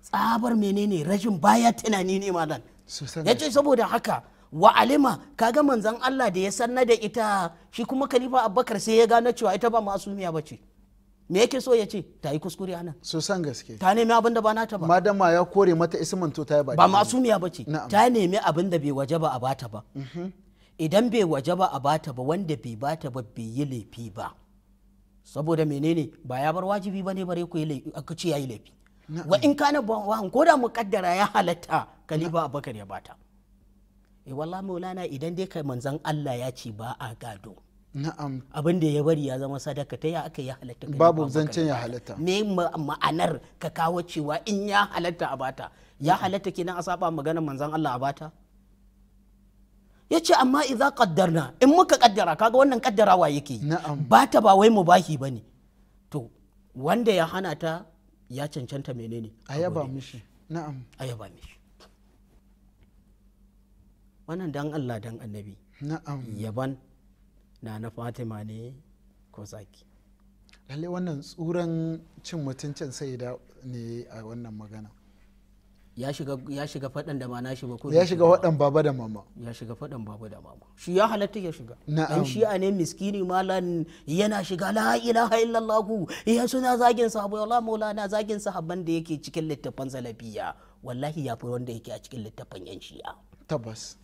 tsabar menene rashin baya tunani ne malam ce saboda haka wa alima kaga manzan Allah da ya sanna da ita shi kuma khalifa abubakar sai ya gane cewa ita ba masumiya bace me yake so ya ce ta yi kuskure anan so san gaske ta nemi abin da ba nata ba madama ya kore mata isman to ta yi ba ba masumiya bace ta nemi abin da bai waje ba a bata ba mm-hmm. idan bai waje ba a bata ba wanda bai bata ba bai yi laifi ba saboda menene ba ya bar wajibi bane bare ku yi laifi aka yayi laifi wa in kana ba ko da kaddara ya halatta kaliba abubakar ya bata e eh, walla maulana idan dai kai manzan Allah ya ce ba a gado na'am abin da ya bari ya zama sadaka ta ya aka ya halatta babu zancen ya halatta me ma'anar ka kawo cewa in ya halatta a bata ya halatta kenan a saba maganar manzan Allah a bata ya ce amma idza qaddarna in muka kaddara kaga wannan kaddarawa yake bata ba wai mubahi bane to wanda ya hana ta ya cancanta menene ayaba mishi na'am ayaba mishi wannan dan Allah dan annabi na'am yaban na na fatima ne ko zaki lalle wannan tsuran cin mutuncin sai da ne a wannan magana ya shiga faɗan da ma na shi ba ko ya shiga faɗan baba da mama ya shiga fadan baba da mama shi ya halatta ya shiga dan shi a ne miskini malan yana shiga la ilaha illallah ya suna zagin sahabbai wallahi maulana zagin sahabban da yake cikin littafan salafiya wallahi ya fi wanda yake a cikin littafan yan shi'a tabbas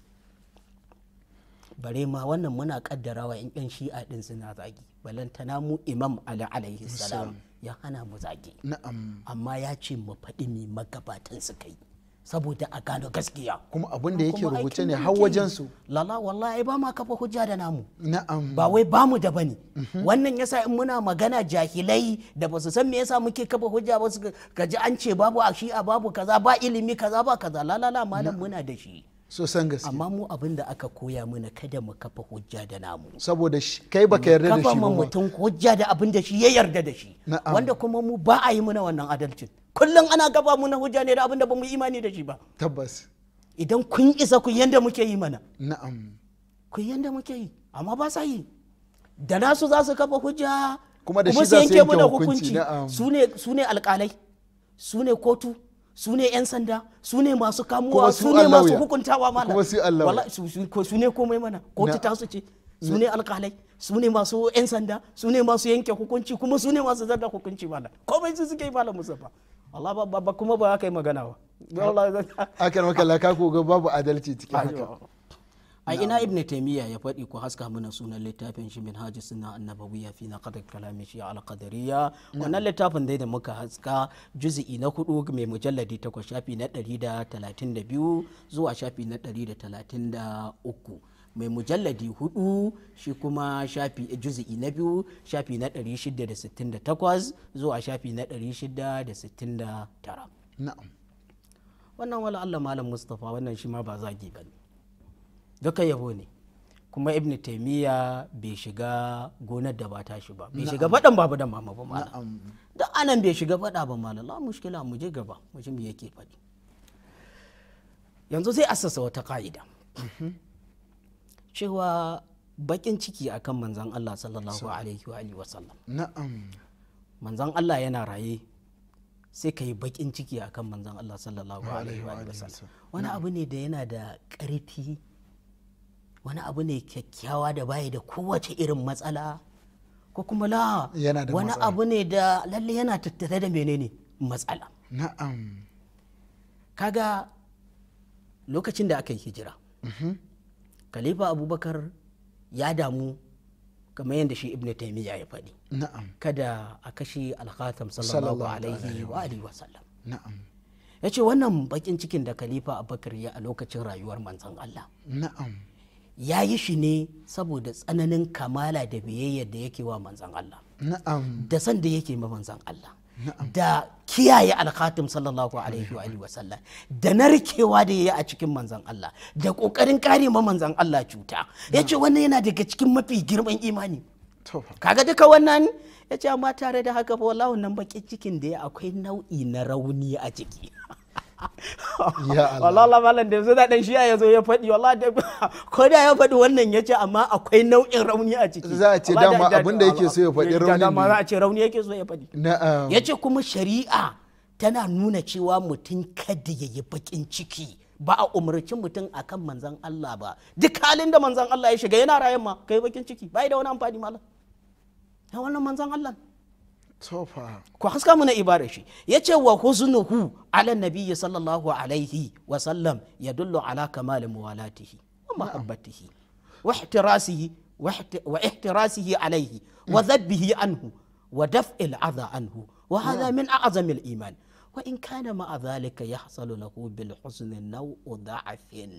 bare ma wannan muna kaddarawa in yan shi'a din suna zagi balantana mu imam ali alaihi salam ya hana mu zagi amma ya ce mu faɗi mi magabatan su kai saboda a gano gaskiya kuma abin da yake rubuce ne har wajen su lala wallahi ba ma kafa hujja da namu na'am ba wai ba mu da bane mhm. wannan yasa in muna magana jahilai da ba su san me yasa muke kafa hujja ba su gaji an ce babu a shi'a babu kaza ba ilimi kaza ba kaza lala la malam muna da shi so san gaske amma mu abin da aka koya mana kada mu kafa hujja da namu saboda kai baka yarda da shi kafa mutum hujja da abin da shi ya yarda da shi wanda kuma mu ba a yi mana wannan adalcin kullum ana gaba mu na hujja ne da abin da bamu imani da shi ba tabbas idan kun isa kun yanda muke yi mana na'am kun yanda muke yi amma ba sa yi da nasu za su kafa hujja kuma da shi za su yanke hukunci su ne alkalai su ne kotu su ne 'yan sanda su ne masu kamuwa su ne masu hukuntawa mana su ne komai mana kotu tasu ce su ne alkalai su ne masu 'yan sanda su ne masu yanke hukunci kuma su ne masu zarda hukunci mana komai su suke yi malam musafa Allah ba kuma ba ka yi magana ba. Allah zai. Akan maka laka ko babu adalci cikin haka. a ina ibn taymiya ya faɗi ku haska mana sunan littafin shi min haji suna annabawiyya fi na qadar kalami shi al alƙadariya. wannan littafin dai da muka haska juz'i na hudu mai mujalladi takwas shafi na 132 zuwa shafi na 133 mai mujalladi hudu shi kuma shafi juzi'i na biyu shafi na 668 zuwa shafi na 669 na'am wannan wala Allah malam Mustapha wannan shi ma ba zagi bane duka yabo ne kuma ibn taimiyya bai shiga gonar da ba ta shi ba bai shiga faɗan babu da mama ba malam duk anan bai shiga faɗa ba malam la mushkila mu je gaba mu ji me yake faɗi yanzu sai asasa wata ka'ida mhm. cewa bakin ciki akan manzan Allah sallallahu alaihi wa alihi wasallam na'am manzan Allah yana raye sai ka yi bakin ciki akan manzan Allah sallallahu alaihi wa alihi wasallam wani abu ne da yana da ƙarfi wani abu ne kyakkyawa da bayi da kowace irin matsala ko kuma la wani abu ne da lalle yana tattare da menene matsala na'am kaga lokacin da aka yi hijira mhm. khalifa abubakar ya damu kamar yadda shi ibn taimiyya ya faɗi kada a kashe alkhatam sallallahu alaihi wa alihi wa sallam ya ce wannan bakin cikin da khalifa abubakar ya a lokacin rayuwar manzon allah na'am ya yi shi ne saboda tsananin kamala da biyayya da yake wa manzan Allah da san da yake ma manzan Allah da kiyaye alkhatim sallallahu alaihi wa wasallam da narkewa da yayi a cikin manzan Allah da kokarin kare ma manzan Allah cuta yace wannan yana daga cikin mafi girman imani kaga duka wannan yace amma tare da haka fa wallahi nan bakin cikin da ya akwai nau'i na rauni a jiki. wallahi malam da yanzu da dan shiya ya zo ya faɗi wallahi ko da ya faɗi wannan ya ce amma akwai nau'in rauni a ciki za a ce dama abin da yake so ya faɗi rauni dama za a ce rauni yake so ya faɗi yace kuma shari'a tana nuna cewa mutum kada ya yi bakin ciki ba a umarci mutum akan manzan Allah ba duk halin da manzan Allah ya shiga yana rayan ma kai bakin ciki bai da wani amfani malam wannan manzan Allah ku haska muna ibara shi ya ce wa huznuhu ala nabiyyi sallallahu alaihi wa sallam ya dullu ala kamali muwalatihi wa mahabbatihi wa ihtirasihi alaihi wa mm. dhabbihi anhu wa daf'il adha anhu wa hada min a'zamil iman wa in kana ma'a zalika yahsalu lahu bil husni naw'u da'afin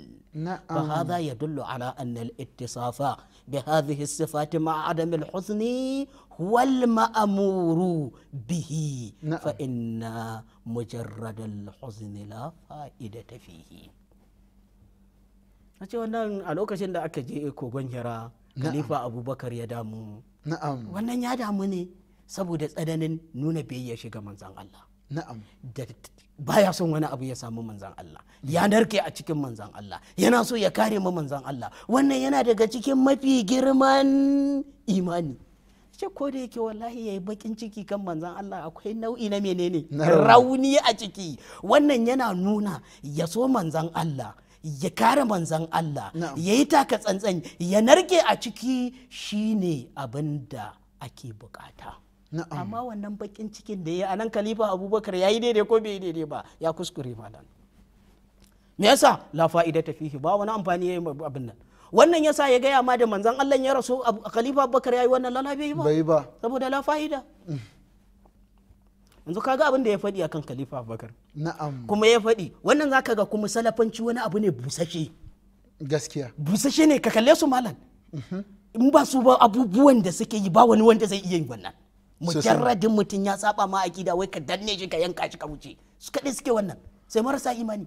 fa hadha yadullu ala anna al ittisafa bi hadhihi as sifati ma'a adam husni wal ma'muru bihi fa inna mujarrad al husni la fa'idata fihi wannan a lokacin da aka je kogon hira khalifa abubakar ya damu wannan ya damu ne saboda tsananin nuna ya shiga manzan Allah na'am da baya son wani abu ya samu manzan Allah ya narke a cikin manzan Allah yana so ya kare ma manzan Allah wannan yana daga cikin mafi girman imani ce ko da yake wallahi yayi bakin ciki kan manzan Allah akwai nau'i na menene rauni a ciki wannan yana nuna ya so manzan Allah ya kare manzan Allah ya yi taka tsantsan ya narke a ciki shine abin da ake bukata amma wannan bakin cikin da ya a nan kalifa abubakar ya yi daidai ko bai daidai ba ya kuskure malam me yasa la fa'ida ta fihi ba wani amfani yayi abin nan wannan yasa ya gaya ma da manzon Allah ya rasu khalifa abubakar ya yi wannan lalabe ba bai ba saboda la fa'ida mm. yanzu kaga abin da ya faɗi akan khalifa abubakar na'am kuma ya faɗi wannan zaka ga kuma salafanci wani abu ne busashe gaskiya busashe ne ka kalle su malam mm-hmm. in ba su ba abubuwan da suke yi ba wani wanda zai iya yi wannan mujarradin mutum ya saba ma akida wai ka danne shi ka yanka shi ka wuce su kaɗai suke wannan sai marasa imani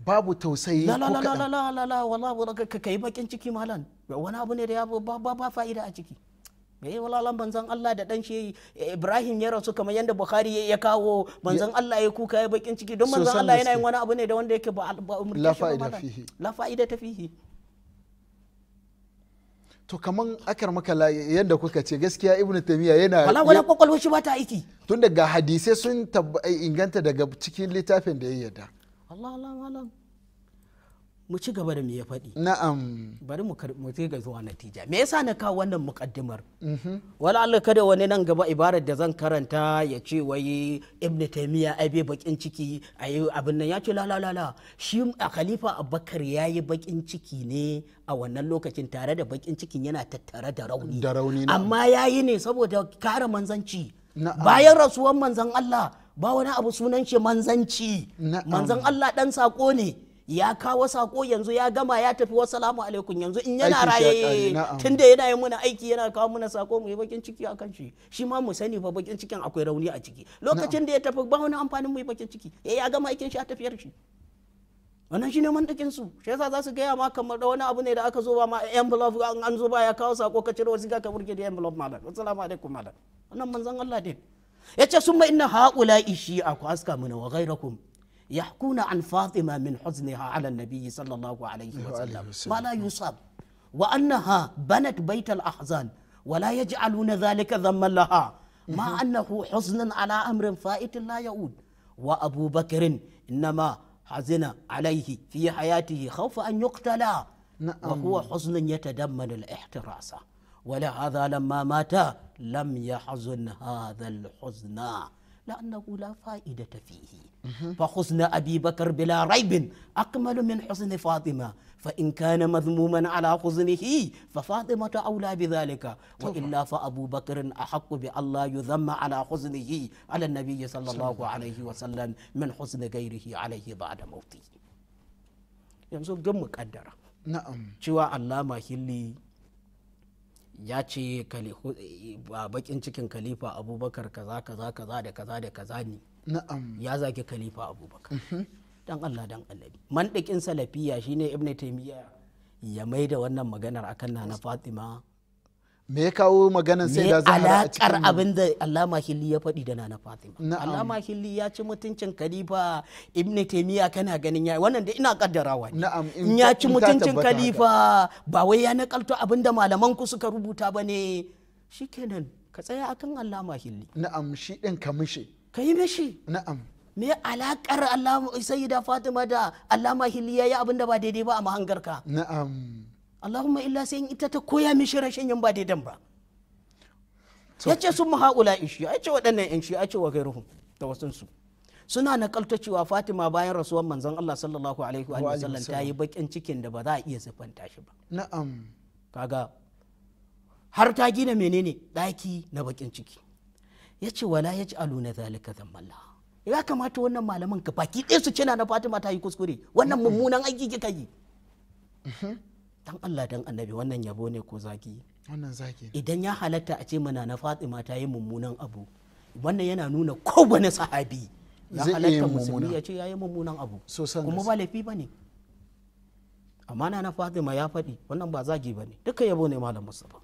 babu tausayi la la la la la la la wala ka kai bakin ciki malan wani abu ne da ya ba ba fa'ida a ciki me yi lan banzan Allah da dan shi eh, Ibrahim ya rasu kamar yadda Bukhari ya kawo banzan Allah ya kuka ya bakin ciki don banzan Allah yana yin wani abu ne da wanda yake ba la fa'ida fihi la fa'ida ta fihi to kaman akar maka yadda kuka ce gaskiya ibnu taymiya yana wala wala kwakwalwar shi ba aiki tun daga hadisai sun inganta daga cikin littafin da ya yarda Allah mu ci gaba da me ya faɗi na'am bari mu kai ga zuwa natija me yasa na kawo wannan muqaddimar mhm. wala Allah kada wani nan gaba ibarar da zan karanta ya ce wai ibnu taymiya ai bai bakin ciki ai abin nan ya ce la la la la shi a khalifa abubakar yayi bakin ciki ne a wannan lokacin tare da bakin cikin yana tattare da rauni da rauni amma yayi ne saboda kare manzanci bayan rasuwan manzan Allah ba wani abu sunan shi manzanci manzan Allah dan sako ne ya kawo sako yanzu ya gama ya tafi wasu salamu alaikum yanzu in yana raye tunda yana yi muna aiki yana kawo muna sako mu yi bakin ciki a kan shi shi ma mu sani fa bakin cikin akwai rauni a ciki lokacin da ya tafi ba wani amfanin mu yi bakin ciki eh, ya gama aikin shi a tafiyar shi wannan shi shine mandakin su shi yasa za su gaya ma kamar da wani abu ne da aka zo ba ma envelope an zo ba ya kawo sako ka cire wasu ka burge da envelope malam assalamu alaikum malam wannan manzon Allah din yace summa inna haula ishi aku aska mana wa ghairakum يحكون عن فاطمة من حزنها على النبي صلى الله أيوة، عليه وسلم ما لا يصاب وأنها بنت بيت الأحزان ولا يجعلون ذلك ذما لها مع أنه حزن على أمر فائت لا يؤود وأبو بكر إنما حزن عليه في حياته خوف أن يقتل نعم. وهو حزن يتدمن الاحتراس ولهذا لما مات لم يحزن هذا الحزن لأنه لا فائدة فيه فحسن أبي بكر بلا ريب أكمل من حسن فاطمة فإن كان مذموما على حزنه ففاطمة أولى بذلك وإلا فأبو بكر أحق بالله يذم على حزنه على النبي صلى الله عليه وسلم من حسن غيره عليه بعد موته yanzu duk muƙaddara cewa allama hilli ya ce bakin cikin khalifa abubakar kaza kaza kaza da kaza da kaza ne ya zagi khalifa abubakar mhm. dan allah dan annabi mandakin salafiya shine ibn taymiya ya mai da wannan maganar akan na fatima me ya kawo maganar sai da zahara a cikin abin da Allama Hilli ya faɗi da Nana Fatima Allama Hilli ya ci mutuncin Khalifa Ibn Taymiya kana ganin ya wannan da ina kaddarawa ne in ya ci mutuncin Khalifa ba wai ya nakalto abin da malaman ku suka rubuta bane shikenan ka tsaya akan Allama Hilli na'am shi din kamishi ka yi mishi na'am me alakar da fatima da allama hiliya ya abinda ba daidai ba a mahangarka na'am allahumma illa sai ita ta koya mishi rashin yin ba daidan ba ya ce sun mahaula shi ya ce waɗannan in shi ya ce wa gairuhum da wasansu suna nakalta cewa fatima bayan rasuwar manzon allah sallallahu alaihi wa sallam ta yi bakin cikin da ba za a iya siffanta shi ba na'am kaga har ta gina menene ɗaki na bakin ciki ya ce wala ya ji alu na zalika zammalla ya kamata wannan malaman ka baki ɗaya su cina na fatima ta yi kuskure wannan mummunan aiki kika yi mhm. dan allah dan annabi wannan yabo ne ko zaki wannan zaki idan ya halatta a ce mana na fatima ta yi mummunan abu wannan yana nuna kowane sahabi ya halatta musulmi ya ce ya yi mummunan abu kuma ba laifi ba ne amma na na fatima ya faɗi wannan ba zagi ba ne duka yabo ne malam mustapha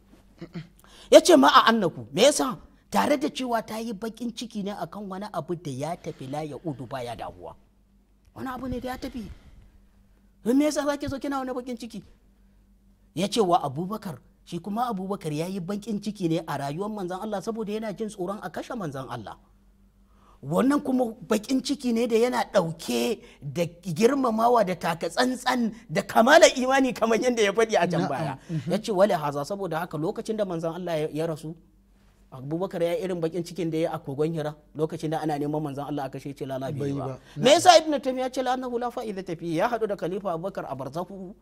ya ce ma a annaku me yasa tare da cewa ta yi bakin ciki ne akan wani abu da ya tafi la ya udu baya dawowa wani abu ne da ya tafi me yasa zake zo kina wani bakin ciki ya ce wa abubakar shi kuma abubakar ya yi bakin ciki ne a rayuwar manzan Allah saboda yana jin tsoron a kashe manzan Allah wannan kuma bakin ciki ne da yana ɗauke da girmamawa da taka tsantsan da kamala imani kamar yadda ya faɗi a can baya mhm. ya ce wale haza saboda haka lokacin da manzan Allah ya rasu abubakar ya irin bakin cikin da ya a kogon hira lokacin da ana neman manzon Allah a kashe ce lana bai ba me yasa ibnu taymiya ce lana hula fa'ida tafi ya hadu da khalifa abubakar a barzahu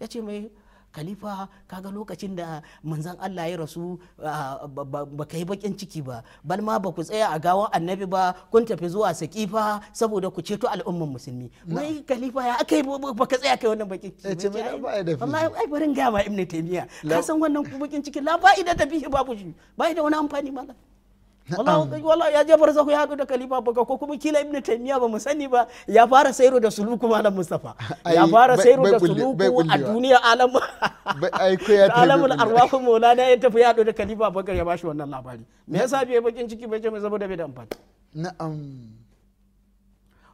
ya ce mai khalifa kaga lokacin da manzan Allah ya rasu ba ka yi bakin ciki ba bal ma ba ku tsaya a gawan annabi ba kun tafi zuwa sakifa saboda ku ceto al'umman musulmi mai khalifa ya aka yi ba ka tsaya kai wannan bakin ciki wallahi eh, ai barin ga ma ibnu taymiya ka san wannan bakin ciki la fa'ida ta bihi babu shi ba da wani amfani mallam wala ya je ku ya hadu da khalifa baka ko kuma kila ibnu taymiya ba mu sani ba ya fara sayro da suluku malam mustafa ya fara sayro da suluku a duniya alam alamul arwahu maulana ya tafi ya hadu da khalifa baka ya bashi wannan labari me yasa bai bakin ciki bai ce mai saboda bai da amfani na'am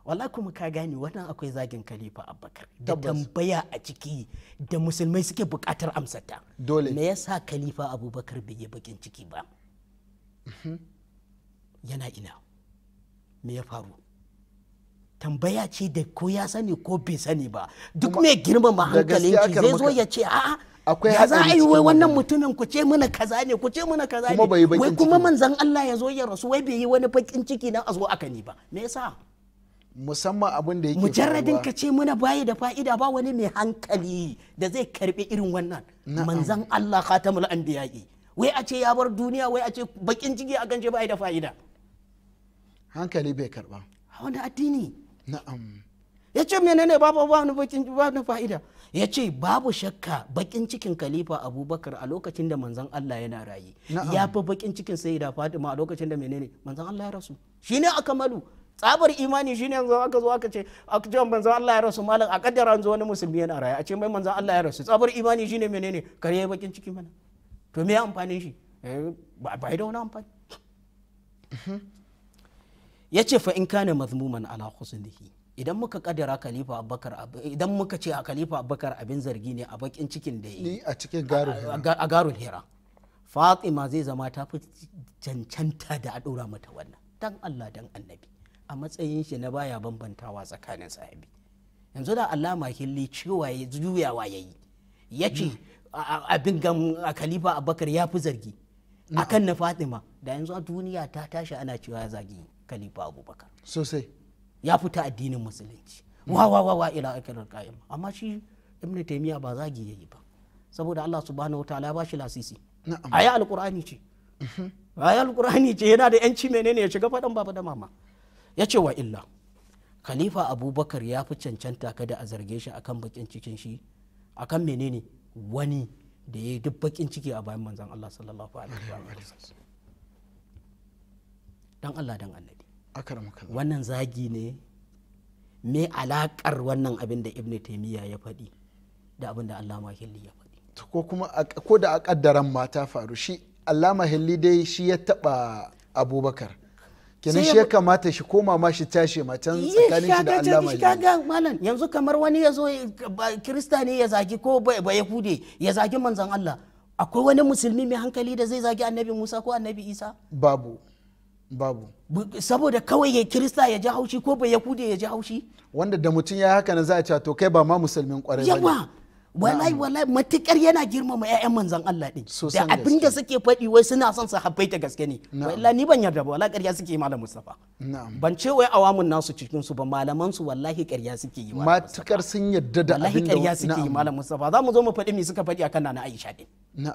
wala kuma ka gane wannan akwai zagin khalifa abubakar da tambaya a ciki da musulmai suke bukatar amsata dole me yasa khalifa abubakar bai yi bakin ciki ba mhm. yana ina me ya faru tambaya ce da ko ya sani ko bai sani ba duk mai girmama ki zai zo ya ce a'a akwai ya za a yi wai wannan mutumin ku ce mana kaza ne ku ce mana kaza ne wai kuma manzan Allah ya zo ya rasu wai bai yi wani bakin ciki nan a zo aka ni ba me yasa musamman abin da yake mujarradin ka ce mana bayi da fa'ida ba wani mai hankali da zai karbi irin wannan manzan Allah khatamul anbiya'i wai a ce ya bar duniya wai a ce bakin ciki a ganje baya da fa'ida hankali bai karba a wani addini na'am ya ce menene babu ba ni fa'ida ya ce babu shakka bakin cikin khalifa abubakar a lokacin da manzan allah yana rayu ya fi bakin cikin sai da fatima a lokacin da menene manzan allah ya rasu shi ne aka malu tsabar imani shine yanzu aka zo aka ce aka ce manzan allah ya rasu malam a kaddara yanzu wani musulmi yana rayu a ce mai manzan allah ya rasu tsabar imani shine menene kare bakin ciki mana to me amfanin shi eh, ba da wani amfani mhm. ya ce fa in kane mazmuman ala husnihi idan muka kadira khalifa abubakar idan muka ce a khalifa abubakar abin zargi ne a bakin cikin da yi a cikin garul hira fatima zai zama ta fi cancanta da a dora mata wannan dan allah dan annabi a matsayin shi na baya bambantawa tsakanin sahibi. yanzu da alama hilli cewa ya juyawa ya yi ya ce abin gan a khalifa abubakar ya fi zargi akan na fatima da yanzu a duniya ta tashi ana cewa ya zagi khalifa abubakar sosai ya fita addinin musulunci wa wa wa wa ila akirar qa'im amma shi ibnu taymiya ba zagi yayi ba saboda Allah subhanahu wataala ya bashi lasisi aya alqur'ani ce aya alqur'ani ce yana da yanci menene ya shiga fadan baba da mama ce wa illa khalifa abubakar ya fi cancanta kada a zarge shi akan bakin cikin shi akan menene wani da ya yi duk bakin ciki a bayan manzon Allah sallallahu alaihi wa sallam dan Allah dan annabi wannan zagi ne me alakar wannan abin da ibn taimiyya ya faɗi da abin da allama hilli ya faɗi ko kuma ko da a kaddaran ma ta faru shi allama hilli dai shi ya taɓa abubakar kenan shi ya kamata shi koma ma shi tashi can tsakanin shi da allama hilli kaga malam yanzu kamar wani ya zo kirista ne ya zagi ko ba yahude ya zagi manzon allah akwai wani musulmi mai hankali da zai zagi annabi musa ko annabi isa babu babu saboda kawai ya kirista ya ji haushi ko bai kude ya ji haushi wanda da mutum ya haka na za a ce to kai ba ma musulmin kwarai ba wallahi wallahi matukar yana girmama ƴaƴan manzon Allah din da abin da suke faɗi wai suna son su ta gaske ne wallahi ni ban yarda ba wallahi ƙarya suke yi malam Mustafa ban ce wai awamun nasu cikin su ba malaman su wallahi ƙarya suke yi matukar sun yarda da abin da ƙarya suke yi malam Mustafa za mu zo mu faɗi me suka faɗi akan nana Aisha din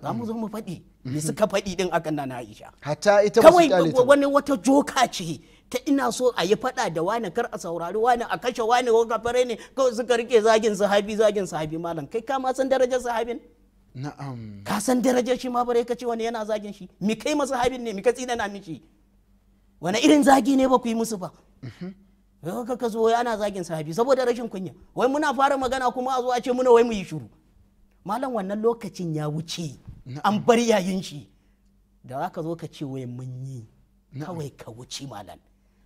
za mu zo mu faɗi me mhm. suka faɗi din akan nana Aisha hatta ita kawai wani wata joka ce ta ina so a yi faɗa da wani kar a saurari wani a kashe wani ko kafare ne ko suka rike zagin sahabi zagin sahabi malam kai ka ma san darajar sahabin na'am ka san darajar shi ma bare ka ce wani yana zagin shi mi kai masa sahabin ne mi ka tsina na miki wani irin zagi ne ba ku yi musu ba mhm. ka ka zo ana zagin sahabi saboda rashin kunya wai muna fara magana kuma a zo a ce muna wai mu yi shiru malam wannan lokacin ya wuce an bar yayin shi da za ka zo ka ce wai mun yi kawai ka wuce malam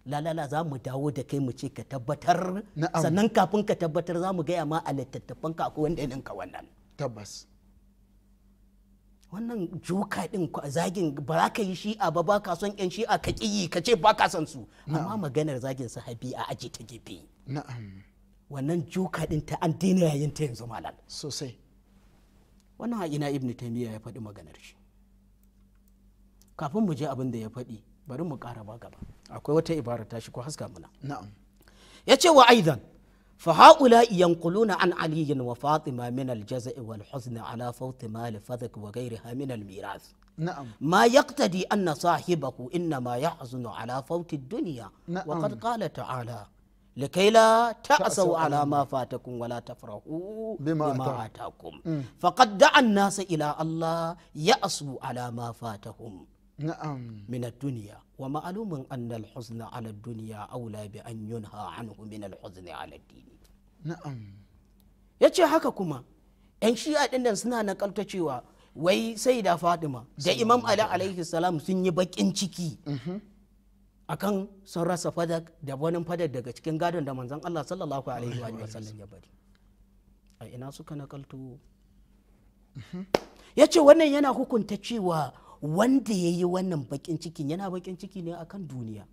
lalala za mu dawo da kai mu ce ka tabbatar sannan kafin ka tabbatar za mu gaya ma a littattafan ka akwai wanda ninka wannan tabbas wannan juka din zagin ba za ka yi shi'a ba ba ka son yan shi'a ka yi ka ce ba ka son su amma maganar zagin su sahabi a aji ta gefe na'am wannan juka din ta an daina yayin ta yanzu malal sosai wannan ina ibnu taymiya ya faɗi maganar shi kafin mu je abin da ya faɗi bari mu karaba gaba akwai wata ibara ta shi ko haska mana na'am yace wa aidan fa haula yanquluna an ali wa fatima min al jaza'i wal huzni ala fawt mal fadak wa ghayriha min al mirath na'am ma yaqtadi anna sahibahu inna ma yahzunu ala fawt ad dunya wa qad qala ta'ala لكي لا تأسوا على ما فاتكم ولا تفرحوا بما, بما آتاكم فقد دعا الناس إلى الله يأسوا على ما فاتهم na'am min wa ma'lumun anna al-huzna 'ala ad-dunya aula bi an yunha anhu min huzni 'ala ad-din na'am yace haka kuma yan shi'a ɗinnan nan suna nakalta cewa wai sai da Fatima da Imam Ali ciki mhm. akan sun rasa fadak da wani fadak daga cikin gadon da manzon Allah sallallahu alaihi wa sallam ya bari a ina suka nakalto mhm. ya ce wannan yana hukunta cewa wanda ya yi wannan bakin ciki yana bakin ciki ne akan duniya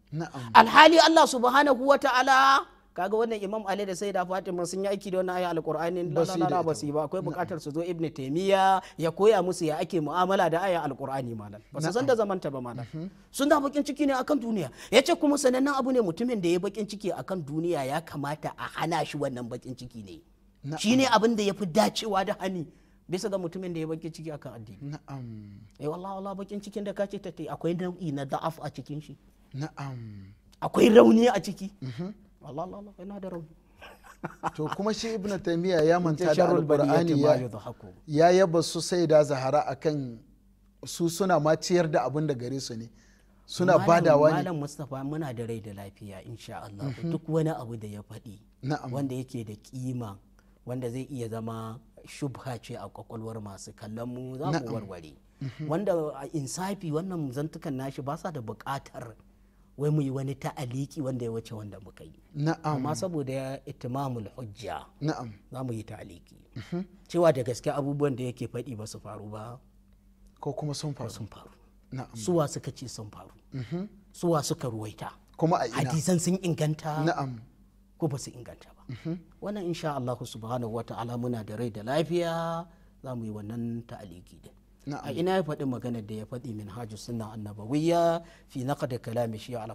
alhali Allah subhanahu wa ta'ala kaga wannan imam ali da sayyida fatima sun yi aiki da wannan yi alqur'ani da na basi ba akwai bukatar su zo ibnu taymiya ya koya musu ya ake mu'amala da aya alqur'ani malam ba su san da zamanta ba malam mhm. sun da bakin ciki ne akan duniya yace kuma sanannen abu ne mutumin da ya bakin ciki akan duniya ya kamata a hana shi wannan bakin ciki ne shine abin da yafi dacewa da hani bisa ga mutumin da ya baki ciki akan addini na'am eh wallahi wallahi bakin cikin da kace tattai akwai nau'i na da'af a cikin shi na'am akwai rauni a ciki mhm. wallahi wallahi yana da rauni to kuma shi ibnu taymiya ya manta da alqur'ani ya yaba su sai da zahara akan su suna ma ciyar da abin da gare su ne suna badawa ne malam mustafa muna da rai da lafiya insha Allah mhm. duk wani abu da ya faɗi wanda yake da kima wanda zai iya zama shubha ce a kwakwalwar masu kallon mu za mu warware mhm. wanda a insafi wannan zantukan nashi ba sa da buƙatar wai mu yi wani ta'aliki wanda ya wuce wanda muka yi amma saboda ya itimamul hujja za mu yi ta'aliki mhm. cewa da gaske abubuwan da yake faɗi ba su faru ba ko kuma sun faru sun faru suwa suka ce sun faru mhm. suwa suka ruwaita kuma a ina hadisan sun inganta na'am ko ba su inganta ba mhm. wannan insha Allah subhanahu wata'ala muna da rai da lafiya za mu yi wannan ta'aliki din a ina ya faɗi magana da ya faɗi min hajji suna annabawiyya fi kada kalami shi al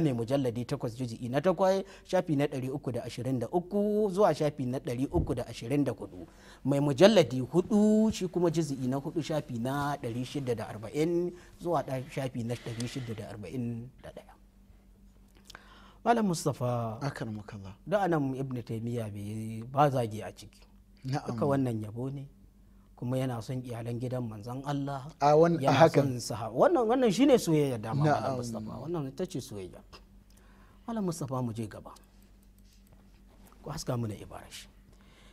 mai mujalladi takwas juzi'i na takwai shafi na uku da da ashirin uku zuwa shafi na uku da da ashirin hudu mai mujalladi hudu shi kuma juzi'i na hudu shafi na shida da arba'in zuwa shafi na shida da da arba'in ɗaya malam Mustapha akan makalla da anan ibn taymiya bai ba zage a ciki duka wannan yabo ne kuma yana son iyalan gidan manzon Allah a wannan hakan wannan wannan shine soyayya da malam mustafa wannan ita ce soyayya malam Mustapha mu je gaba ku haska mana ibarashi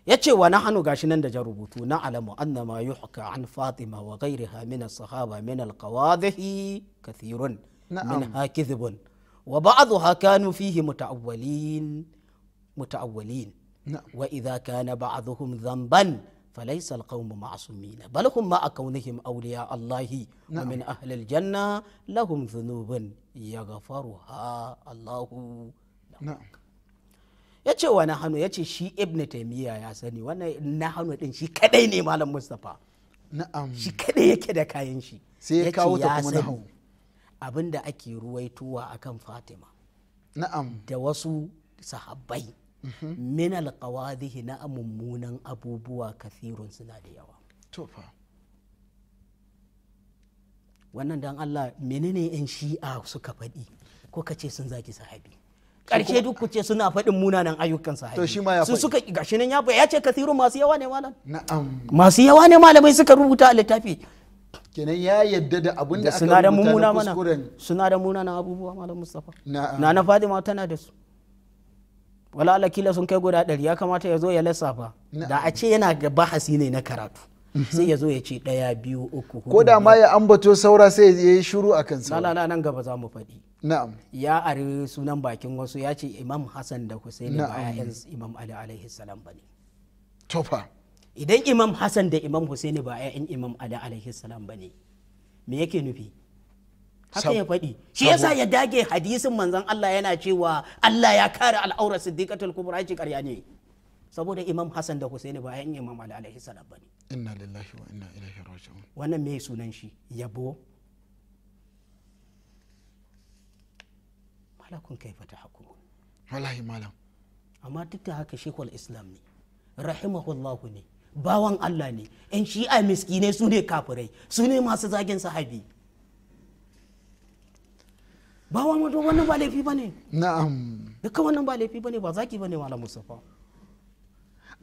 ya ce wa nahanu gashi nan da jan rubutu na alamu anna ma yuhka an fatima wa ghairiha min as-sahaba min al-qawadhi kathirun min hakizbun wa ba'dhuha kanu fihi muta'awwilin muta'awwilin wa idza kana ba'dhuhum dhanban فليس القوم معصومين بل هم مع كونهم أولياء الله نعم. ومن أهل الجنة لهم ذنوب يغفرها الله نعم yace wa nahanu yace shi ibn taymiya ya sani wannan nahanu din shi kadai ne malam mustafa na'am shi kadai yake da kayan shi sai ya abin da ake ruwaituwa akan fatima na'am da wasu sahabbai mhm. min alqawadhihi na mummunan abubuwa kathirun suna da yawa wannan dan Allah menene in shi'a suka faɗi ko ka ce sun zaki sahabi karshe duk ku ce suna faɗin munanan ayyukan sahabi to shi ma ya faɗi suka gashi nan ya ya ce kathirun masu yawa ne malam na'am masu yawa ne malamai suka rubuta a littafi kenan ya yadda da abin da aka rubuta na kuskuren suna da na abubuwa malam mustafa na na fadima tana da su wala ala kila sun kai guda ɗari ya kamata ya zo ya lissafa da a ce yana da bahasi ne na karatu sai ya zo ya ce ɗaya biyu uku ko da ma ya ambato saura sai ya yi shuru a kan sa na nan gaba za mu faɗi na'am ya ari sunan bakin wasu ya ce imam hasan da husaini ba ya imam ali alaihi salam bane tofa idan imam hassan da imam husaini ba 'ya'yan imam ali alaihi salam ba ne me yake nufi haka ya faɗi shi yasa ya dage hadisin manzon Allah yana cewa Allah ya kare al'aurar siddiqatul kubra shi ƙarya ne saboda imam hassan da husaini ba 'ya'yan imam ali alaihi salam ba ne inna lillahi wa inna ilaihi raji'un wannan me sunan shi yabo malakun kai fata hukumun wallahi malam amma duk da haka shekul islam ne rahimahullahu ne bawan Allah ne yan shi'a miskinai su ne kafirai su ne masu zagin sahabi bawan wa wannan ba laifi ne na'am duka wannan ba laifi ne ba zaki bane malam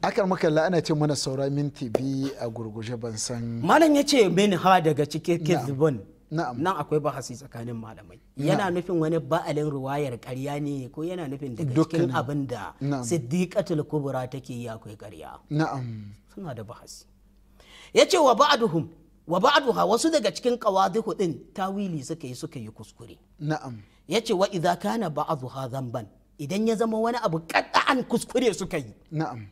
a kan maka la'ana ce mana saura minti bi a gurguje ban san malam yace min ha daga cikin kizbun nan akwai bahasi tsakanin malamai yana nufin wani ba'alin ruwayar karya ne ko yana nufin daga cikin abin da siddiqatul kubra take yi akwai karya. na'am suna da bahasi yace wa ba'duhum wa ba'duha wasu daga cikin qawadihu din tawili suka yi suka yi kuskure na'am yace wa idza kana ba'dhuha zamban idan ya zama wani abu kad'an kuskure suka yi na'am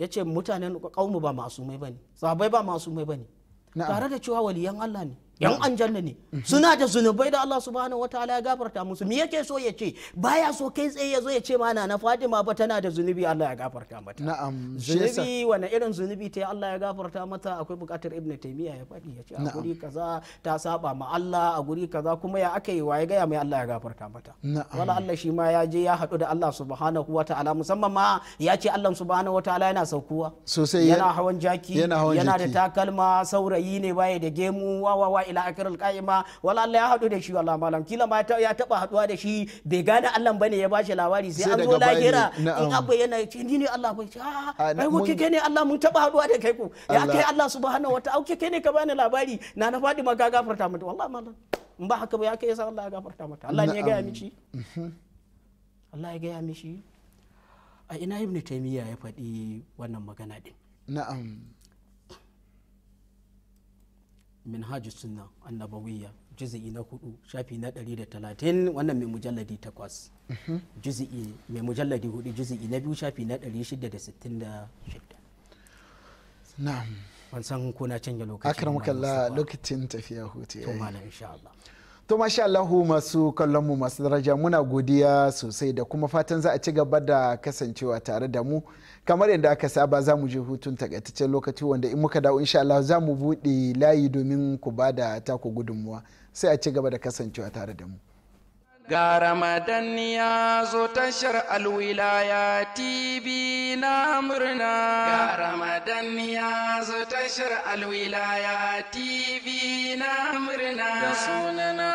yace mutanen kaumu ba masumai bane sahabbai ba masumai bane tare da cewa waliyan Allah ne yan anjanna ne suna da zunubai da Allah subhanahu ta'ala ya gafarta musu me yake so ya ce baya so kai tsaye ya zo ya ce mana na Fatima ba tana da zunubi Allah ya gafarta mata na'am zunubi wani irin zunubi ta Allah ya gafarta mata akwai bukatar Ibn Taymiyyah ya faɗi ya ce a guri kaza ta saba ma Allah a guri kaza kuma ya aka yi waye gaya mai Allah ya gafarta mata wala Allah shi ma ya je ya haɗu da Allah subhanahu ta'ala musamman ma ya ce Allah subhanahu ta'ala yana saukuwa sosai yana hawan jaki yana da takalma saurayi ne baya da gemu wa wa. ila akirul qa'ima wala Allah ya hadu da shi wala malam kila ma ya taba haduwa da shi bai gane Allah bane ya bashi labari sai an zo lahira in abba yana ce ni ne Allah bai ce ai mu kike ne Allah mun taba haduwa da kai ko ya kai Allah subhanahu wata auke kike ne ka bani labari na na fadi ma gafarta mata wallahi malam in ba haka ba ya kai yasa Allah ya gafarta mata Allah ne ya gaya mishi mhm. Allah ya gaya mishi a ina ibnu taymiya ya faɗi wannan magana din na'am minhaj sunna annabawiyya juzi'i na hudu shafi na 130 wannan mai mujalladi takwas mhm. juzi'i mai mujalladi hudu juzi'i na biyu shafi na 666 na'am ban san ko na canja lokaci akramukallah lokacin tafiya hutu to malam insha Allah to masha Allahu masu kallon mu masu daraja muna godiya sosai da kuma fatan za a ci gaba da kasancewa tare da mu kamar yadda aka saba za mu je hutun takaitaccen lokaci wanda in muka dawo insha Allah za mu buɗe layi domin ku ba da taku gudunmuwa sai a ci gaba da kasancewa tare da mu ga ramadan ya zo tashar alwilaya tv na murna ga ramadan ya zo tashar alwilaya tv na murna da sunana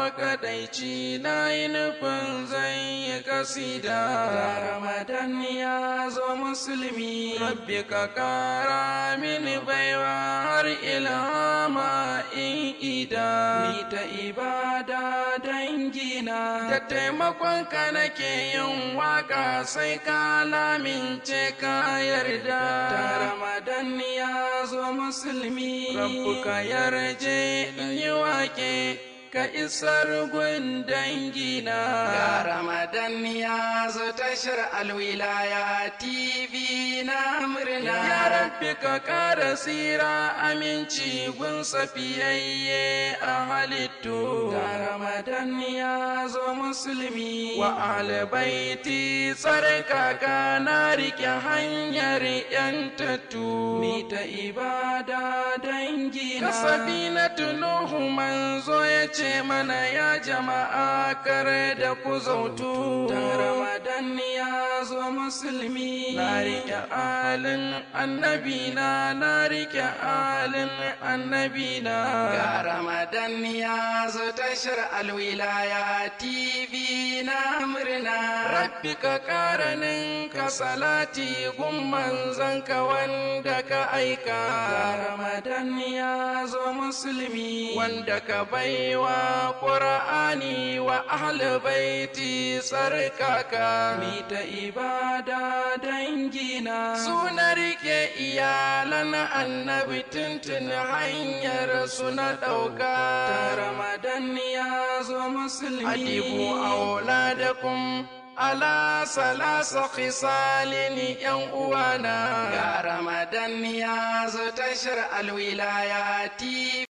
makadaici na yi nufin zan yi kasida ramadan ya zo musulmi rabbi ka kara mini baiwa har ilhama in ida ni ta ibada dangina da taimakon ka nake yin waka sai ka lamince ka yarda ramadan ya zo musulmi ka yarje in yi wake ka isar gun dangina ga ramadan ya zo tashar alwilaya tv na murna ya rabbi ka kara sira aminci gun safiyayye a halin to ramadan ya zo musulmi wa albaiti tsarkaka na rike hanyar yan tattu mi ta ibada dangi kasabi na tunuhu manzo ya ce mana ya jama'a kare da ku zautu da ramadan ya na zo musulmi na rike alin annabi na na rike alin annabi na ga ramadan ya zo tashar alwilaya tv na murna rabbi ka karanin ka salati gumman zanka wanda ka aika ramadan ya zo musulmi wanda ka baiwa qur'ani wa ahli baiti sarkaka mita ibada dangina suna rike iyalan annabi tuntun hanyar suna ɗauka ramadan ya zo musulmi adibu kun ala salasa ni yan uwana ga ramadan ya zo tashar alwilayati